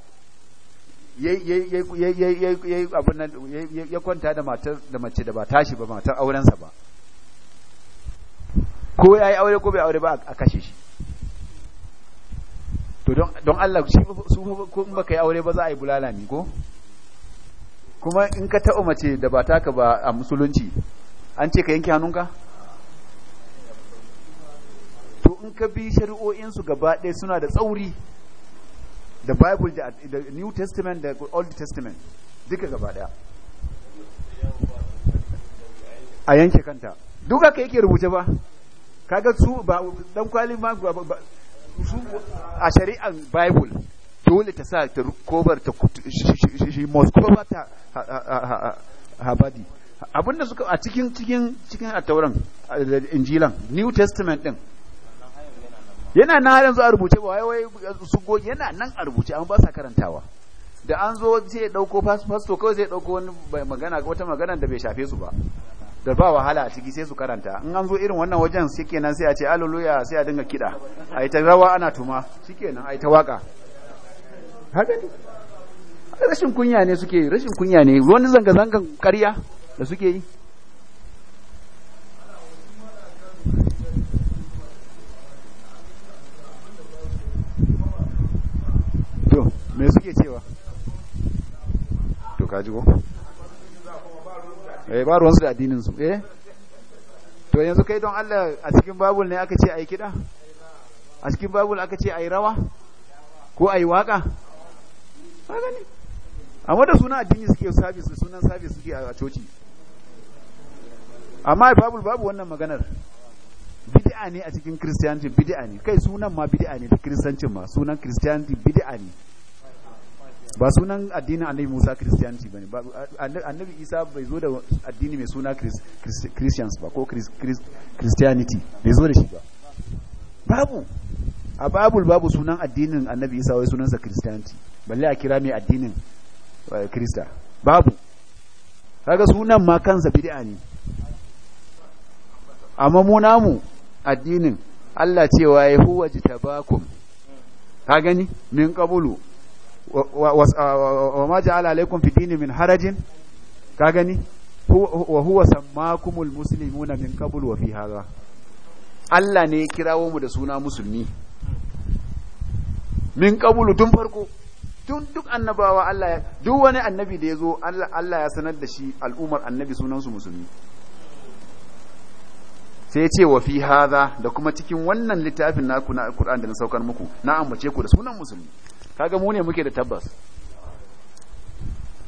A: ya kwanta da matar da mace da ba tashi ba matar aurensa ba ko ya yi aure ko bai aure ba a kashe shi to don Allah su ko in baka yi aure ba za a yi bulala ni ko kuma in ka taɓa mace da ba taka ba a musulunci an ce ka yanke hannunka to in ka bi shari'o'insu gaba ɗaya suna da tsauri da bible da new testament da old testament duka gaba ɗaya a yanke kanta duka ka yake rubuce ba kaga su ba dan kwali ma ba su a shari'an bible dole ta sa ta kobar ta shi moscow ta habadi abinda suka a cikin cikin cikin a tauran injilan new testament din yana na yanzu a rubuce ba wai wai su go yana nan a rubuce an ba sa karantawa da an zo zai dauko fasto kawai zai dauko wani magana wata magana da bai shafe su ba da ba wahala a ciki sai su karanta in an zo irin wannan wajen nan sai a ce aleluya sai a dinga kida a yi ta rawa ana tuma shikenan a yi ta waka haka ne rashin kunya ne suke rashin kunya ne wani zanga-zangan karya da suke yi to me suke cewa to kaji ko eh ba ruwansu da addinin su eh to yanzu kai don Allah a cikin babul ne aka ce ayi kida a cikin babul aka ce ayi rawa ko ayi waka ba gani amma da sunan addini suke service sunan service suke a coci amma babul babu wannan maganar bid'a ne a cikin christianity bid'a ne kai sunan ma bid'a ne da kristancin ma sunan christianity bid'a ne ba sunan addinin annabi Musa Christianity ne annabi Isa bai zo da addini mai suna Christians ba ko Christianity bai zo da shi ba babu a babul babu sunan addinin annabi Isa wai sunansa Christianity balle a kira mai addinin eh, Krista babu kaga sunan ma kansa bid'a ne amma mu namu addinin Allah cewa ya huwa jitabakum ka gani min kabulu. wa ma ja'ala alaikum fi dini min harajin ka gani wa huwa sammakumul muslimuna min qabl wa fi hadha Allah ne kirawo mu da suna musulmi min qabl tun farko tun duk annabawa Allah ya duk wani annabi da ya zo Allah ya sanar da shi al'umar annabi sunansu musulmi sai ce wa fi hadha da kuma cikin wannan littafin naku na Qur'an da na saukar muku na ambace ku da sunan musulmi kaga mu ne muke da tabbas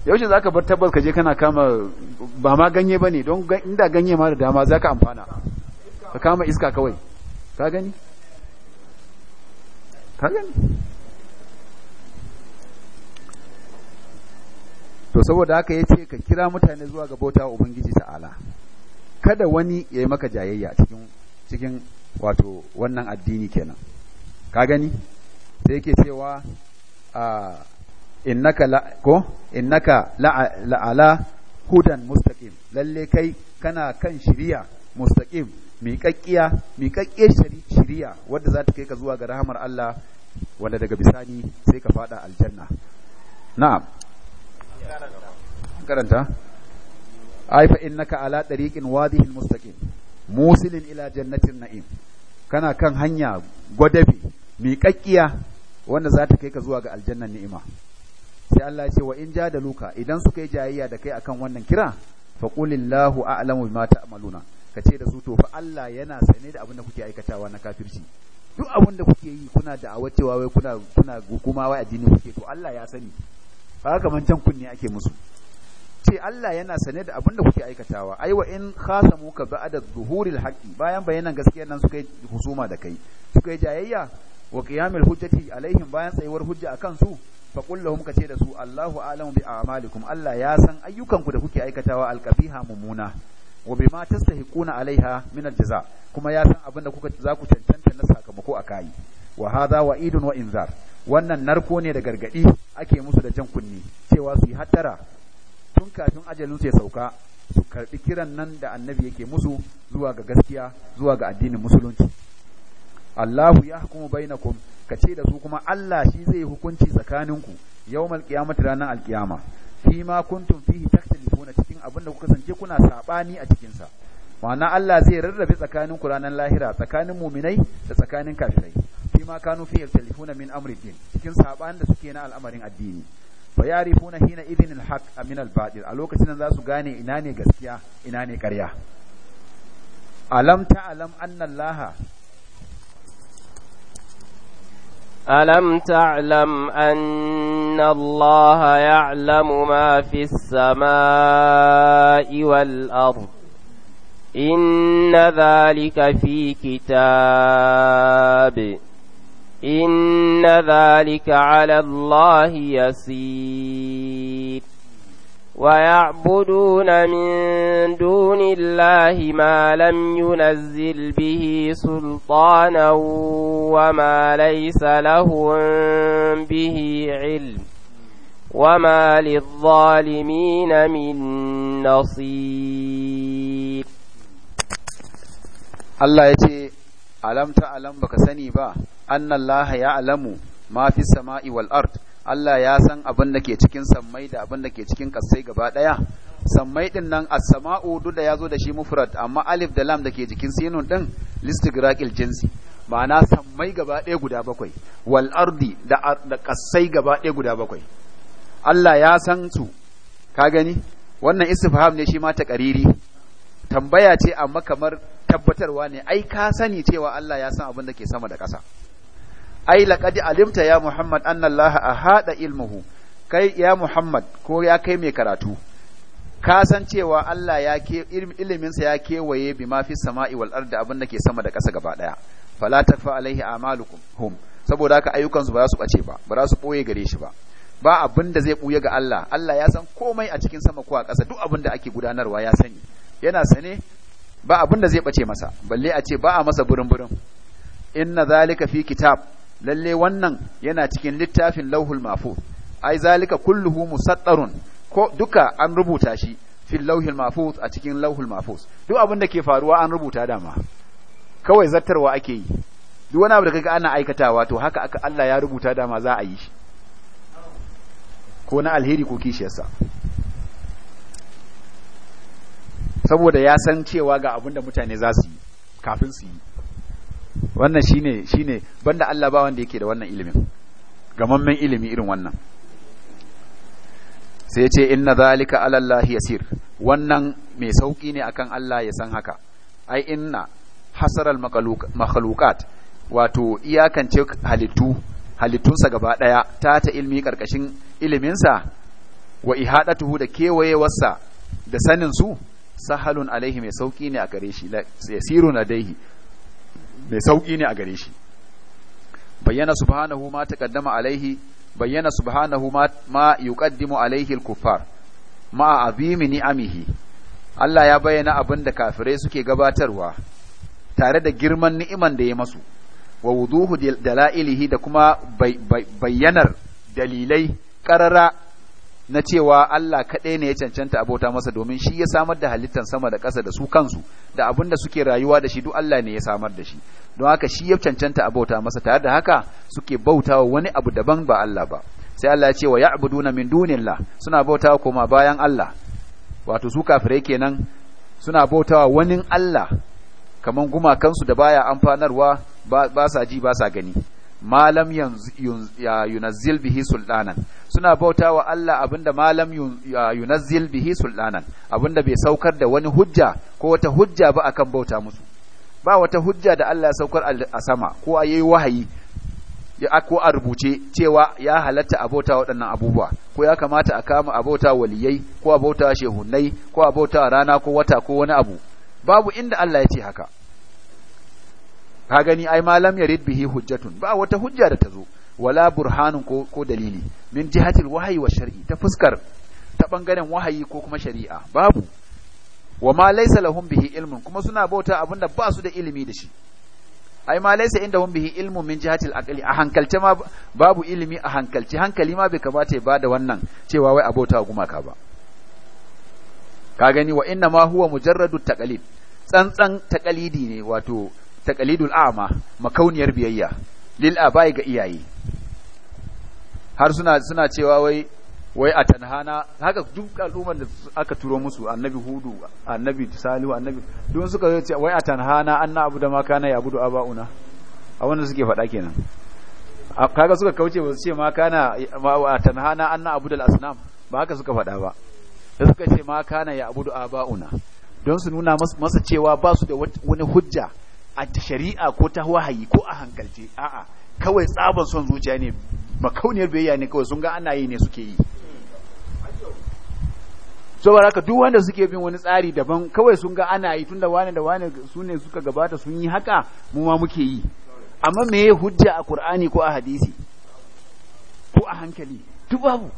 A: yaushe za ka bar tabbas ka je kana kama ba ma ganye ba ne don inda ganye ma da dama za ka amfana ka kama iska kawai ka gani ka gani to saboda haka ya ce ka kira mutane zuwa ga bauta ubangiji ta'ala kada wani ya yi maka jayayya cikin cikin wato wannan addini kenan ka gani sai yake cewa innaka la ko la'ala hudan mustaƙim lalle kai kana kan shiriya mustaqim miƙaƙƙiya miƙaƙƙiyar shiriya wadda za ta kai ka zuwa ga rahamar Allah wanda daga bisani sai ka fada aljanna na'am karanta ai fa innaka ala ɗariƙin wadihin mustaqim musilin ila jannatin na'im kana kan hanya gwadabe miƙaƙƙiya wanda za ta kai ka zuwa ga aljannan ni'ima sai Allah ya ce wa in jadaluka idan suka yi jayayya da kai akan wannan kira fa qulillahu a'lamu bima ta'maluna ka ce da su to fa Allah yana sane da abin da kuke aikatawa na kafirci duk abin da kuke yi kuna da cewa wai kuna kuna kuma wai addini kuke to Allah ya sani haka kaman can kunne ake musu ce Allah yana sane da abin da kuke aikatawa ai wa in khasamuka ba'da zuhuril haqqi bayan bayanan gaskiyar nan suka yi husuma da kai suka yi jayayya wa qiyamil hujjati alaihim bayan tsayuwar hujja akan su fa qul lahum kace da su Allahu a'lamu bi a'malikum Allah ya san ayyukanku da kuke aikatawa alqabiha mumuna wa bima tastahiquna alaiha min aljaza kuma ya san abinda kuka za ku tantance na sakamako akai wa hadha wa'idun wa inzar wannan narko ne da gargadi ake musu da jan kunni cewa su yi hattara tun kafin ajalin su ya sauka su karbi kiran nan da annabi yake musu zuwa ga gaskiya zuwa ga addinin musulunci Allahu ya hukumu bainakum ka ce da su kuma Allah shi zai yi hukunci tsakaninku yawmal qiyamati ranar alqiyama fi ma kuntum fihi taktalifuna cikin abin da kuka kasance kuna sabani a cikin sa ma'ana Allah zai rarrabe tsakanin ku ranar lahira tsakanin muminai da tsakanin kafirai fi ma kanu fi yaktalifuna min amri din cikin sabanin da suke na al'amarin addini fa yarifuna hina idhin al-haq min al a lokacin nan za su gane ina ne gaskiya ina ne karya. alam ta'lam anna annallaha.
B: ألم تعلم أن الله يعلم ما في السماء والأرض إن ذلك في كتاب إن ذلك على الله يسير ويعبدون من دون الله ما لم ينزل به سلطانا وما ليس لهم به علم وما للظالمين من نصير الله يتي
A: ألم تعلم بك سني با أن الله يعلم ما في السماء والأرض Allah ya san abin da ke cikin sammai da abin da ke cikin kasai gaba ɗaya, sammai ɗin nan a samau duk da zo da shi mufrad amma alif da lam da ke jikin sinun ɗin listigraqil jinsi ma'ana sammai gaba ɗaya guda bakwai wal ardi da kasai gaba ɗaya guda bakwai Allah ya san su ka gani wannan istifham ne shi ma ta ƙariri tambaya ce amma kamar tabbatarwa ne ai ka sani cewa Allah ya san abin da ke sama da ƙasa ai laqad alimta ya muhammad anna allaha ahada ilmuhu kai ya muhammad ko ya kai mai karatu ka san cewa Allah ya ke iliminsa ya kewaye bi ma fi sama'i wal ardi abin da ke sama da ƙasa gaba daya fala takfa alaihi amalukum saboda haka ayyukansu ba za su bace ba ba za su boye gare shi ba ba abin da zai buya ga Allah Allah ya san komai a cikin sama ko a ƙasa duk abin da ake gudanarwa ya sani yana sane ba abin da zai bace masa balle a ce ba a masa burin burin inna zalika fi kitab lalle wannan yana cikin littafin lauhul mafu ai zalika kulluhu musaddarun ko duka an rubuta shi fil lauhil mahfuz a cikin lauhul mahfuz duk abin da ke faruwa an rubuta dama kawai zattarwa ake yi duk wani abu da kaga ana aikatawa to haka aka Allah ya rubuta dama za a yi shi ko na alheri ko kishiyarsa saboda ya san cewa ga abin da mutane za su yi kafin su yi wannan shine shine banda Allah ba wanda yake da wannan ilimin gamammen ilimi irin wannan sai ya ce inna zalika ala Allah yasir wannan mai sauki ne akan Allah ya san haka ai inna hasaral makhluqat wato iyakance halittu halittunsa gaba daya ta ta ilmi karkashin iliminsa wa ihadatu da kewayewarsa da sanin su sahalun alaihi mai sauki ne a gare shi yasirun adaihi mai sauƙi ne a gare shi bayyana subhanahu ma taqaddama alaihi bayyana subhanahu ma, ma yuqaddimu alaihi al-kuffar ma azimi ni'amihi Allah ya bayyana abin da kafirai suke gabatarwa tare da girman ni'iman da ya masu wa wuduhu dalailihi da kuma bayyanar dalilai karara na cewa Allah kaɗai ne ya cancanta abota masa domin shi ya samar da halittar sama da ƙasa da su kansu da abin da suke rayuwa da shi duk Allah ne ya samar da shi don haka shi ya cancanta abota masa tare da haka suke bautawa wani abu daban ba Allah ba sai Allah ya ce wa ya'buduna min dunillah suna bautawa koma bayan Allah wato su kafirai kenan suna bautawa wani Allah kaman gumakansu da baya amfanarwa ba sa ji ba sa gani malam yunazil bihi sultanan suna bauta wa Allah abinda malam yunazil bihi sultanan abinda bai saukar da wani hujja ko wata hujja ba akan bauta musu ba wata hujja da Allah ya saukar a sama ko a yayi wahayi ko a rubuce cewa ya halatta a bauta waɗannan abubuwa ko ya kamata a kama a bauta waliyai ko a bauta shehunai ko a rana ko wata ko wani abu babu inda Allah ya ce haka ka gani ai malam yarid bihi hujjatun ba wata hujja da ta zo wala burhanun ko, ko dalili min jihatil wahayi wa shar'i ta fuskar ta bangaren wahayi ko kuma shari'a babu wa ma laysa lahum bihi ilmun kuma suna bauta abinda ba su da ilimi da shi ai ma laysa hum bihi ilmu min jihatil aqli a hankalce ma babu ilimi a hankalce hankali ma bai kamata ya bada wannan cewa wai abota gumaka ba ka gani wa inna ma huwa mujarradu taqlid tsantsan taqalidi ne wato taqlidul a'ma makauniyar biyayya lil abai ga iyaye har suna suna cewa wai wai a tanhana haka duk al'ummar da aka turo musu annabi hudu annabi salihu annabi duk suka ce wai a tanhana anna abu da maka na yabudu abauna a wanda suke faɗa kenan kaga suka kauce ba su ce maka na a tanhana anna abu da asnam ba haka suka faɗa ba da suka ce maka na ya abudu abauna don su nuna masa cewa ba su da wani hujja a shari'a ko ta wahayi ko a hankalce a'a kawai tsaban son zuciya ne makauniyar biyayya ne kawai sun ga ana yi ne suke yi saboda haka duk wanda suke bin wani tsari daban kawai sun ga ana yi tunda wani da wani su ne suka gabata sun yi haka mu ma muke yi amma me ya hujja a Qur'ani ko a hadisi ko a hankali duk babu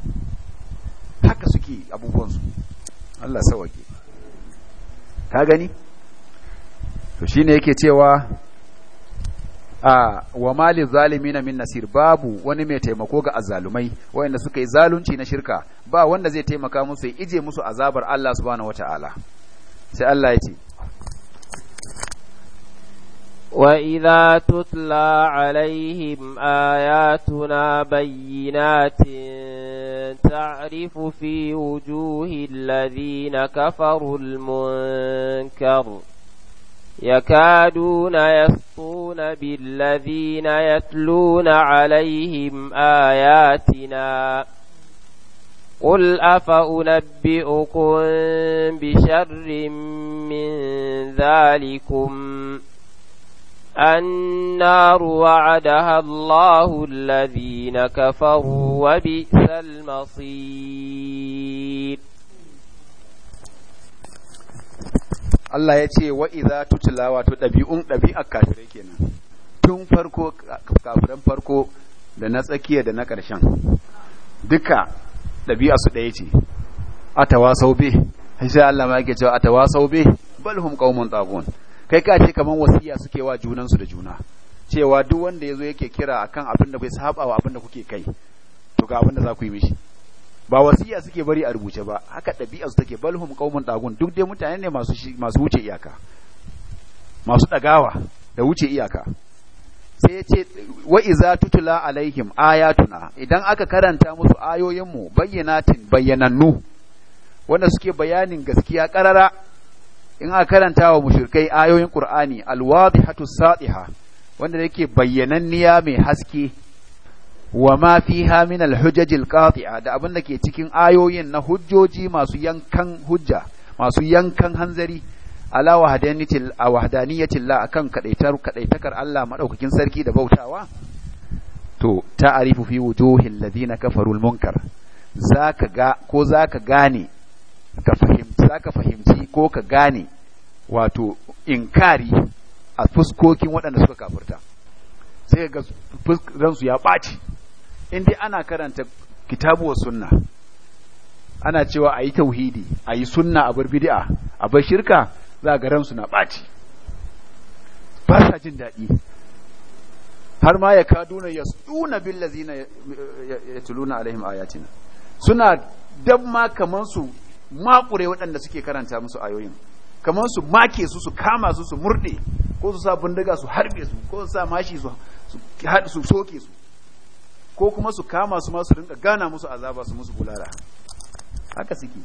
A: haka suke abubuwansu Allah sawake ka gani to shi ne yake cewa a wa mali na min nasir babu wani mai taimako ga azalumai wainda suka yi zalunci na shirka ba wanda zai taimaka musu ya ije musu azabar Allah subhanahu
B: wataala sai Allah ya ce وإذا تتلى عليهم آياتنا بينات تعرف في وجوه الذين كفروا المنكر يكادون يسطون بالذين يتلون عليهم آياتنا قل أفأنبئكم بشر من ذلكم النار وعدها الله الذين كفروا وبئس المصير
A: Allah ya ce wa iza tutula wato ɗabi'un ɗabi'ar kafirai kenan tun farko kafiran farko da na tsakiya da na ƙarshen duka ɗabi'a su ɗaya ce a atawa saube sai Allah ma yake cewa a atawa bal balhum qaumun tagun kai ka ce kaman wasiya suke wa junansu da juna cewa duk wanda ya zo yake kira akan abin da bai saba wa abin da kuke kai to ga abin da za ku yi mishi ba wasiya suke bari a rubuce ba haka ɗabi'ar su take balhum qaumun dagun duk dai mutane ne masu wuce iyaka masu dagawa da wuce iyaka sai ya ce wa iza tutula alaihim ayatuna idan aka karanta musu ayoyinmu bayyanatin bayyanannu wanda suke bayanin gaskiya karara in aka karanta wa mushrikai ayoyin qur'ani alwadihatu sadiha wanda yake bayyananniya mai haske wa ma fiha min al qatia da abin da ke cikin ayoyin na hujjoji masu yankan hujja masu yankan hanzari ala wahdaniyatil ya wahdaniyatil la akan kadaitar kadaitakar Allah madaukakin sarki da bautawa to ta'arifu fi wujuhil ladina kafaru al-munkar zaka ga ko zaka gane ka fahimci zaka fahimci ko ka gane wato inkari a fuskokin waɗanda suka kafirta sai ga ransu ya ɓaci in dai ana karanta kitabu wa sunna ana cewa a yi tauhidi a yi sunna a bar bid'a a bar shirka za ga ransu na ɓaci ba sa jin daɗi har ma ya kaduna ya tsuna na ya tuluna alaihim ayatina suna dab ma kaman su makure waɗanda suke karanta musu ayoyin kaman su make su su kama su su murɗe ko su sa bindiga su harbe su ko su sa mashi su soke su ko kuma su kama su masu rinka gana musu azaba su musu bulara haka suke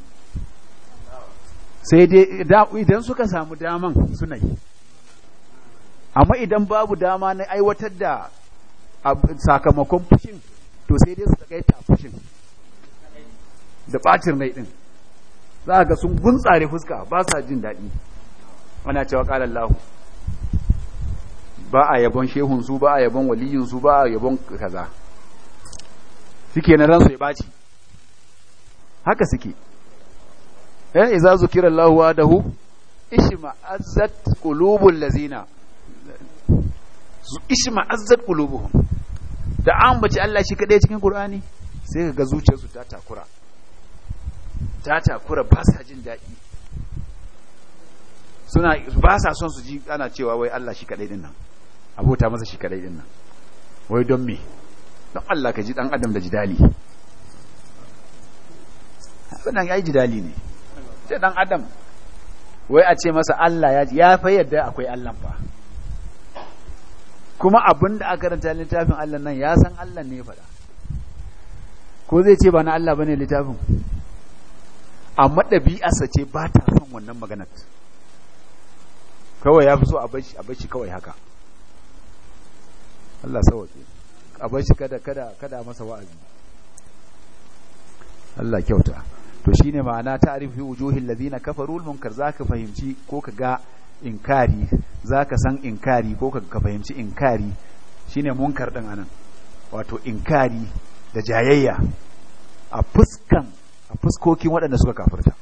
A: sai dai idan suka samu daman suna yi amma idan babu dama na aiwatar da sakamakon fushin to sai dai su takaita fushin da bacin rai din za ga sun guntsare fuska ba sa jin daɗi ana cewa ƙalar lahu ba a yabon shehunsu ba a yabon waliyyinsu, ba a yabon kaza suke na ransu ya baci haka suke eh iza zukira Allahu wahdahu ishma azzat qulubul lazina ishma azzat qulubuhum da an bace Allah shi kadai cikin Qur'ani sai kaga su ta takura ta takura ba sa jin daɗi suna ba sa son su ji ana cewa wai Allah shi kadai din nan abota masa shi kadai din nan wai don me don Allah ka ji dan adam da jidali wannan ya yi jidali ne sai ɗan adam wai a ce masa Allah ya fai yadda akwai Allah fa kuma abin da aka ranta littafin Allah nan ya san Allah ne faɗa ko zai ce ba na Allah bane littafin amma ɗabi'arsa ce ba ta son wannan maganar kawai ya fi so a bashi kawai haka Allah sauwaƙe a bar shi kada kada kada masa wa'azi Allah kyauta to shine ma'ana ta'rifu wujuhil ladina kafaru al munkar zaka fahimci ko ka ga inkari zaka san inkari ko ka fahimci inkari shine munkar din anan wato inkari da jayayya a fuskan a fuskokin waɗanda suka kafirta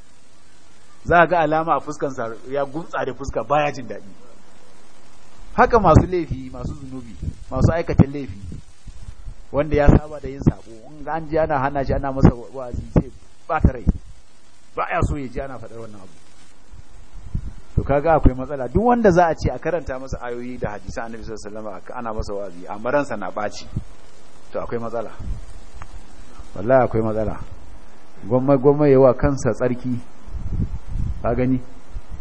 A: za ga alama a fuskan sa ya gumtsa da fuska baya jin daɗi haka masu laifi masu zunubi masu aikatan laifi wanda ya saba da yin sabo in an ji ana hana shi ana masa wa'azi sai ba ta rai ba ya so ya ji ana faɗar wannan abu to kaga akwai matsala duk wanda za a ce a karanta masa ayoyi da hadisi annabi sallallahu alaihi wasallam ana masa wa'azi amma ransa na baci to akwai matsala wallahi akwai matsala gwamma gwamma yawa kansa tsarki ka gani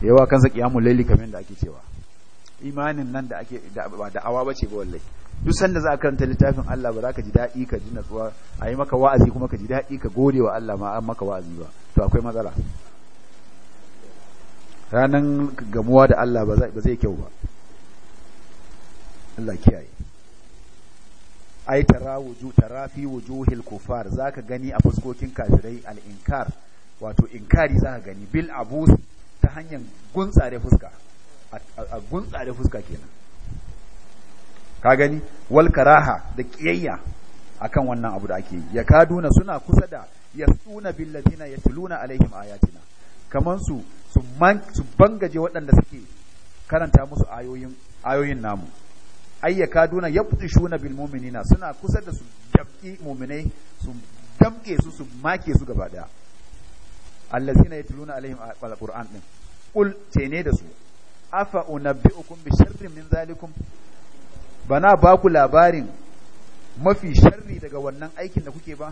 A: yawa kansa kiyamul laili kamar da ake cewa imanin nan da ake ba da'awa bace ba wallahi duk sanda za a karanta littafin Allah ba za ka ji daɗi ka ji natsuwa a yi maka wa'azi kuma ka ji daɗi ka gode wa Allah ma an maka wa'azi ba to akwai matsala ranan gamuwa da Allah ba zai kyau ba Allah kiyaye ai tara wuju tara wujuhil kufar zaka gani a fuskokin kafirai al inkar wato inkari zaka gani bil abus ta hanyar gunsare fuska a gunsa da fuska kenan ka gani wal karaha da kiyayya akan wannan abu da ake yi ya kaduna suna kusa da yasuna bil ladina yatluna alaihim ayatina kaman su su bangaje waɗanda suke karanta musu ayoyin ayoyin namu ay yakaduna yabtishuna bil mu'minina suna kusa da su jabki mu'minai su damke su su make su gaba daya allazina yatluna alaihim alquran din kul ce ne da su afa unabbi'ukum bi sharrin min zalikum bana ba ku labarin mafi sharri daga wannan aikin da kuke ba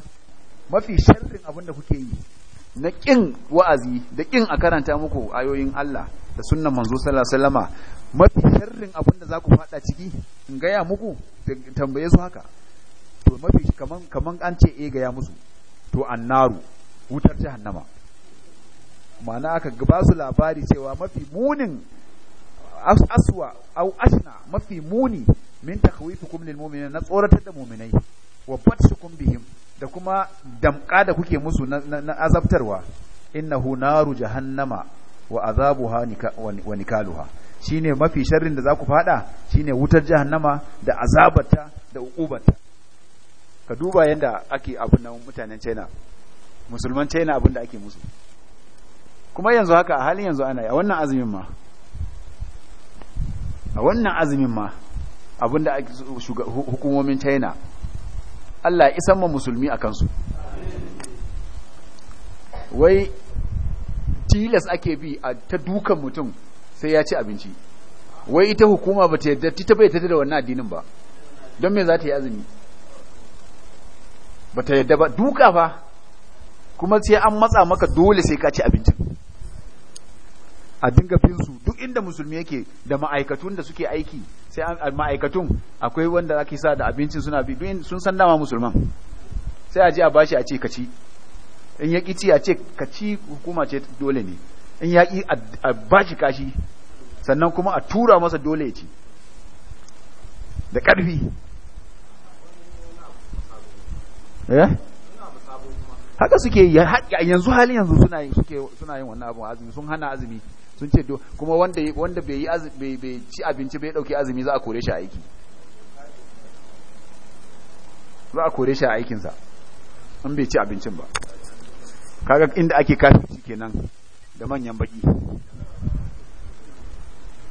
A: mafi sharrin abin da kuke yi na ƙin wa'azi da ƙin a karanta muku ayoyin Allah da sunnan manzo sallallahu mafi sharrin abin da za ku faɗa ciki in gaya muku tambaye su haka to mafi kaman kaman an ce eh gaya musu to annaru wutar jahannama ma'ana aka ba su labari cewa mafi munin aswa au ashna mafi muni min takwifukum lil mu'minin na tsoratar da mu'minai wa batsukum bihim da kuma damka da kuke musu na azabtarwa innahu naru jahannama wa azabuha wa nikaluha shine mafi sharrin da zaku ku fada shine wutar jahannama da azabarta da uqubarta ka duba yanda ake abun nan mutanen China musulman China abun da ake musu kuma yanzu haka a halin yanzu ana yi a wannan azumin ma a wannan azumin ma abinda hukumomin china allah ya isan ma musulmi a kansu wai tilas ake bi a ta dukan mutum sai ya ci abinci wai ita hukuma ba ta yadda ta bai tada da wannan addinin ba don me za ta yi azumi ba ta yadda ba duka ba kuma sai an matsa maka dole sai ka ci abincin a dinga bin su duk inda musulmi yake da ma'aikatun da suke aiki sai ma'aikatun akwai wanda ake sa da abincin suna bi sun san dama musulman sai a je a bashi a ce ka ci in ya ci a ce ka ci hukuma ce dole ne in ya ki a bashi kashi sannan kuma a tura masa dole ya ci da ƙarfi eh? haka suke yanzu halin yanzu suna yin wannan abu azumi sun hana azumi sun ce kuma wanda wanda bai yi bai ci abinci bai dauke azumi za a kore shi a aiki za a kore shi a aikin sa in bai ci abincin ba kaga inda ake kafirci kenan da manyan baki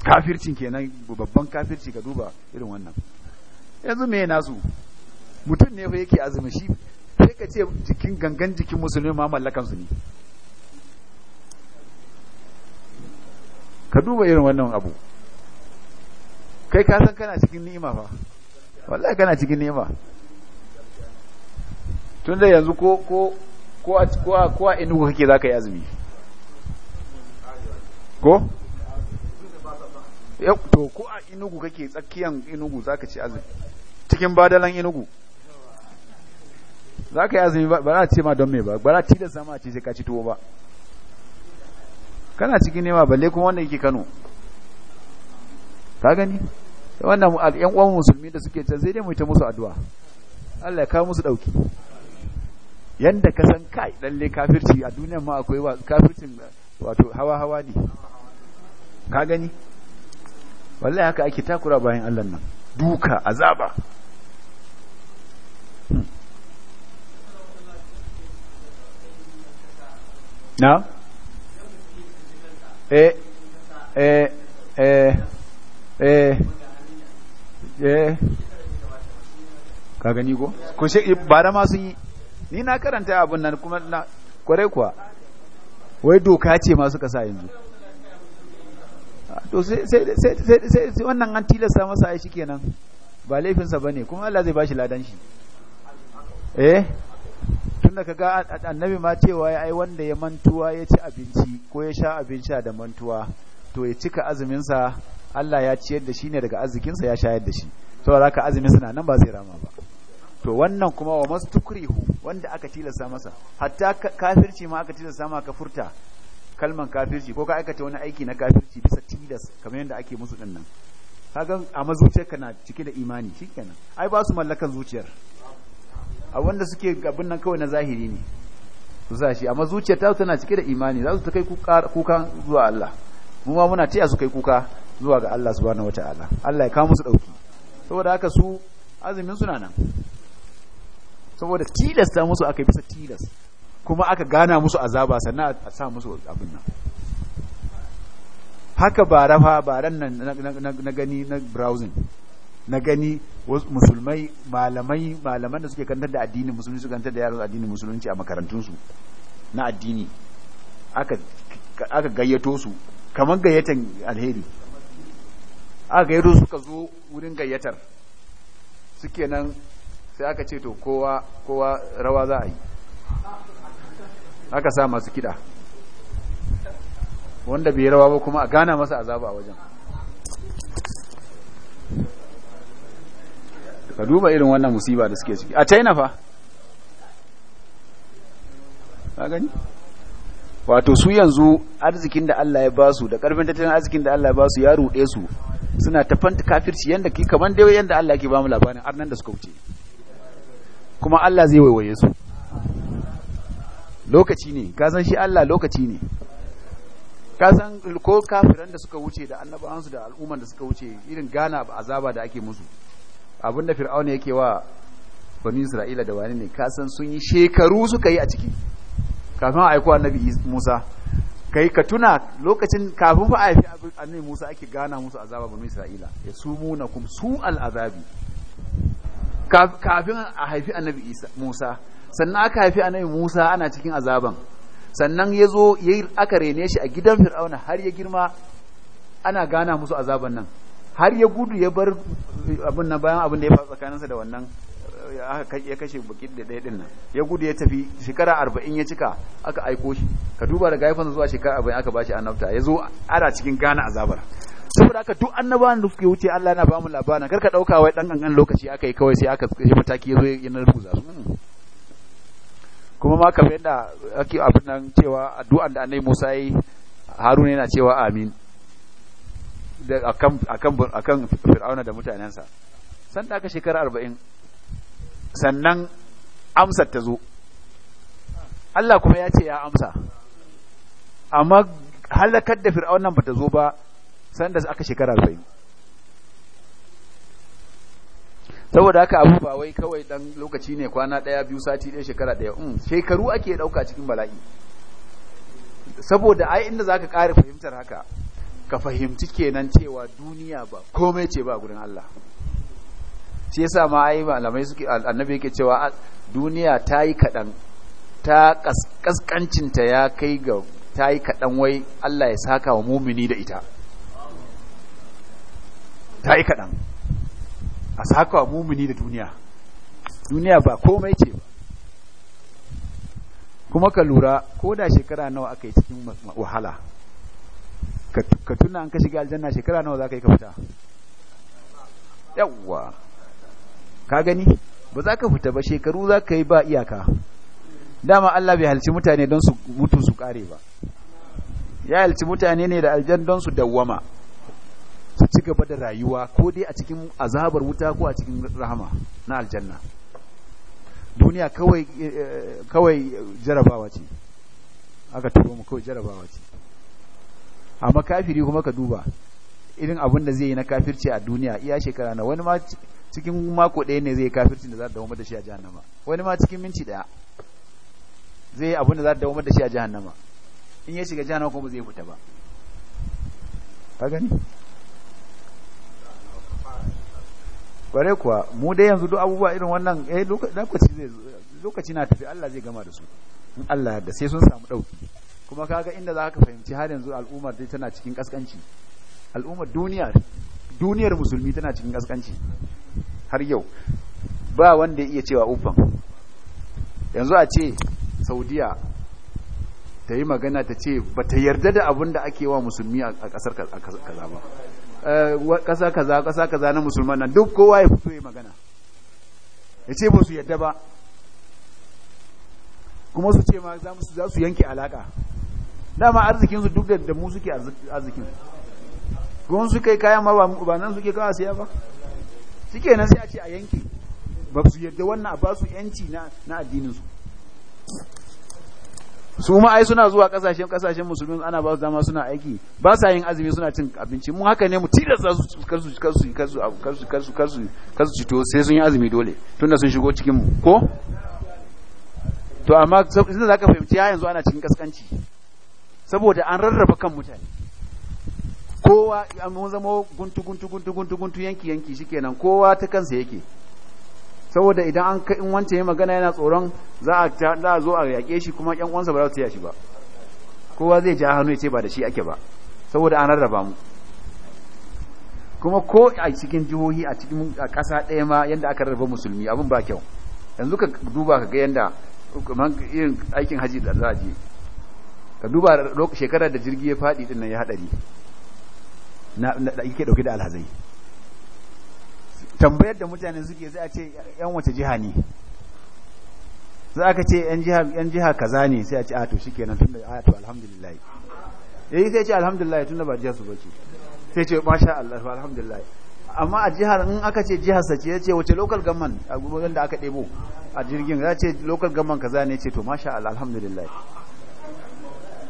A: kafircin kenan babban kafirci ka duba irin wannan yanzu me nasu mutum ne fa yake azumi shi sai ka ce jikin gangan jikin musulmi ma mallakan su ne ka duba irin wannan abu kai ka san kana cikin ni'ima fa wallahi kana cikin ni'ima tun da yanzu ko ko ko a ko a ko a inugu kake ka yi azumi ko to ko a inugu kake tsakiyan inugu zaka ci azumi cikin badalan inugu ka yi azumi ba za ce ma don me ba ba za da sama ce sai ka ci tuwo ba kana cikin nema balle kuma wanda yake Kano ka gani wannan al'yan uwan musulmi da suke can sai dai mu ta musu addu'a Allah ya kawo musu dauki yanda ka san kai lalle kafirci a duniyar ma akwai wa kafircin wato hawa hawa ne ka gani wallahi haka ake takura bayan Allah nan duka azaba hmm. na eh eh eh eh eh ka gani ko kun sai ba da masu yi ni na karanta abin nan kuma na kwarai kuwa wai doka ce masu kasa yanzu ah, to sai wannan an tilasta masa shi kenan ba laifinsa ba ne kuma Allah zai bashi ladan shi eh tunda kaga annabi ma cewa ya ai wanda ya mantuwa ya ci abinci ko ya sha abinci da mantuwa to ya cika azumin sa Allah ya ciyar da shi ne daga arzikin sa ya shayar da shi saboda haka azumin sa nan ba zai rama ba to wannan kuma wa mastukrihu wanda aka tilasta masa hatta kafirci ma aka tilasta ma ka furta kalman kafirci ko ka aikata wani aiki na kafirci bisa tilas kamar yadda ake musu dinnan kaga a mazuciyarka na cike da imani shikenan ai ba su mallakan zuciyar abinda suke abin nan kawai na zahiri ne su shi amma zuciyar ta tana cike da imani za su ta kai kuka zuwa Allah mu ma muna taya su kai kuka zuwa ga Allah subhanahu wataala Allah ya kawo musu dauki saboda haka su azumin suna nan saboda tilas ta musu aka bisa tilas kuma aka gana musu azaba sannan a sa musu abin nan haka ba rafa ba ran nan na gani na browsing na gani musulmai malamai malaman da suke kantar da addinin musulunci su kantar da yaran addinin musulunci a makarantunsu na addini aka aka gayyato su kamar gayyatan alheri aka gayyato suka zo wurin gayyatar suke nan sai aka ce to kowa kowa rawa za a yi aka sa masu kiɗa wanda bai rawa ba kuma a gana masa azaba a wajen ka duba irin wannan musiba da suke ciki a china fa ka gani wato su yanzu arzikin da Allah ya basu da karfin tattalin arzikin da Allah ya basu ya rude su suna tafanta kafirci yanda ki kaman dai yanda Allah yake ba mu labarin arnan da suka wuce kuma Allah zai waiwaye su lokaci ne ka san shi Allah lokaci ne ka san ko kafiran da suka wuce da su da al'umman da suka wuce irin gana azaba da ake musu abinda fir'auna yake wa bani isra'ila da wani ne kasan sun yi shekaru suka yi a ciki kafin a aiko annabi musa kai ka tuna lokacin kafin fa a haifi annabi musa ake gana musu azaba bani isra'ila ya su muna kum su al'azabi kafin a haifi annabi musa sannan aka haifi annabi musa ana cikin azaban sannan ya zo aka rene shi a gidan fir'auna har ya girma ana gana musu azaban nan har ya gudu ya bar abin nan bayan abin da ya faru tsakaninsa da wannan ya kashe bukid da ɗaya ɗin nan ya gudu ya tafi shekara arba'in ya cika aka aiko shi ka duba da haifansa zuwa shekara arba'in aka bashi annabta ya zo ana cikin gana azabar saboda aka duk annabawan da suke wuce Allah yana ba mu labarin karka ɗauka wai ɗan ƙanƙan lokaci aka yi kawai sai aka yi mataki ya zo ya na rubuta su kuma ma kamar yadda ake abin nan cewa addu'an da annabi Musa yi Haruna yana cewa amin kan fir'auna da mutanensa san da aka shekara arba'in sannan amsar ta zo Allah kuma ya ce ya amsa amma halakar da fir'aunan ba ta zo ba san da aka shekara arba'in saboda haka abu ba wai kawai dan lokaci ne kwana daya biyu sati daya shekara daya mm, shekaru ake ɗauka cikin bala'i saboda ai inda za ka kare fahimtar haka ka fahimci kenan cewa duniya ba komai ce ba gurin Allah shi yasa ma ai malamai suke annabi yake cewa duniya ta yi kaɗan ta kaskancinta ya kai ga ta yi kaɗan wai Allah ya saka wa mumini da ita ta yi kaɗan a saka wa mumini da duniya duniya ba komai ce ba kuma ka lura ko da shekara nawa aka yi cikin wahala ka tuna an ka shiga aljanna shekara nawa za ka yi ka fita yawwa ka gani ba za ka fita ba shekaru za ka yi ba iyaka dama Allah bai halci mutane don su mutu su kare ba ya halci mutane ne da aljan don su dawwama su ci gaba da rayuwa ko dai a cikin azabar wuta ko a cikin rahama na aljanna duniya kawai eh, kawai jarabawa ce aka turo mu kawai jarabawa ce amma kafiri kuma ka duba irin abin da zai yi na kafirci a duniya iya shekara na wani ma cikin mako ɗaya ne zai kafirci da za ta dawo da shi a jahannama wani ma cikin minti ɗaya zai yi abin da za ta dawo da shi a jahannama in ya shiga jahannama kuma zai fita ba ka gani kware kuwa mu dai yanzu duk abubuwa irin wannan eh lokaci zai lokaci na tafi Allah zai gama da su in Allah da sai sun samu dauki kuma kaga inda za ka fahimci har yanzu al'ummar dai tana cikin kaskanci al'ummar duniyar duniyar musulmi tana cikin kaskanci har yau ba wanda ya iya cewa uban yanzu a ce saudiya ta yi magana ta ce ba ta yarda da abin da ake wa musulmi a ƙasar kaza ba eh, ƙasa kaza ƙasa kaza na musulman nan duk kowa ya fito ya magana ya ce ba su yarda ba kuma su ce ma za su yanke alaka dama arzikinsu duk da mu suke arzikin gun su kai kayan ma ba nan suke kawo siya ba suke nan sai a ce a yanke ba su yadda wannan ba su yanci na addininsu su ma ai suna zuwa kasashen kasashen musulmi ana ba su dama suna aiki ba sa yin azumi suna cin abinci mun haka ne mu tilasta su karsu karsu karsu karsu karsu karsu karsu cito sai sun yi azumi dole tunda sun shigo cikin mu ko to amma inda za ka fahimci ya yanzu ana cikin kaskanci saboda an rarraba kan mutane kowa mun zama guntu guntu guntu guntu guntu yanki yanki shikenan kowa ta kansa yake saboda idan an ka in wancan ya magana yana tsoron za a za a zo a yaƙe shi kuma ƴan uwansa ba za su taya shi ba kowa zai ja hannu ya ce ba da shi ake ba saboda an rarraba mu kuma ko a cikin jihohi a cikin ƙasa ɗaya ma yadda aka rarraba musulmi abin ba kyau yanzu ka duba ka ga yadda kamar aikin haji da za a je ka duba shekarar da jirgi ya faɗi din nan ya haɗari na yake ɗauke da alhazai tambayar da mutane suke sai a ce yan wace jiha ne za aka ce yan jiha kaza ne sai a ce a to shikenan tunda a to alhamdulillah yi eh, sai ce alhamdulillah da ba jiha su bace sai ce masha Allah alhamdulillah amma a jihar in aka ce jihar ce ya ce wace local government a gurin da aka ɗebo a jirgin ya ce local government kaza ne ce to masha Allah alhamdulillah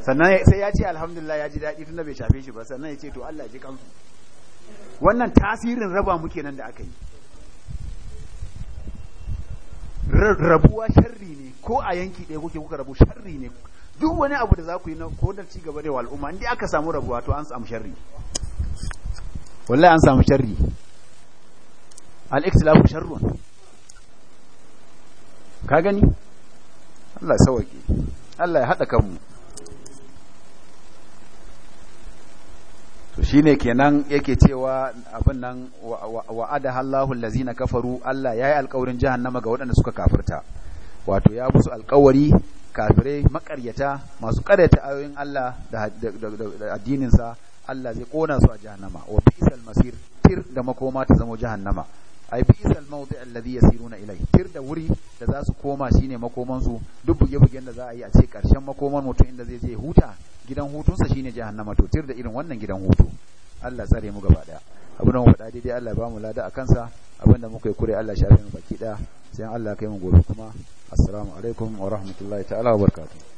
A: sannan sai ya ce alhamdulillah ya ji daɗi tunda bai shafe shi ba sannan ya ce to Allah ji kansu wannan tasirin raba muke nan da aka yi rabuwa sharri ne ko a yanki ɗaya kuke kuka rabu sharri ne duk wani abu da za ku yi na ko da ci gaba da al'umma in dai aka samu rabuwa to an samu sharri wallahi an samu sharri al-ikhtilafu sharrun ka gani Allah sauke Allah ya hada kanmu to shine kenan yake cewa abin nan wa'ada Allahu allazina kafaru Allah yayi alƙawarin jahannama ga waɗanda suka kafirta wato ya musu alƙawari kafirai makaryata masu ƙaryata ayoyin Allah da addininsa Allah zai kona su a jahannama wa bi'sal masir tir da makoma ta zama jahannama ai bi'sal mawdi' alladhi yasiruna ilai tir da wuri da za su koma shine ne makomansu duk buge bugen da za a yi a ce karshen makoman mutum inda zai je huta gidan hutunsa shi shine jahannama to tir da irin wannan gidan hutu Allah tsare mu gaba daya abu da mu faɗa daidai Allah ba mu lada a kansa abin da muka yi kure Allah shafe mu baki ɗaya sai Allah kai mu gobe kuma assalamu alaikum wa rahmatullahi ta'ala wa barakatuh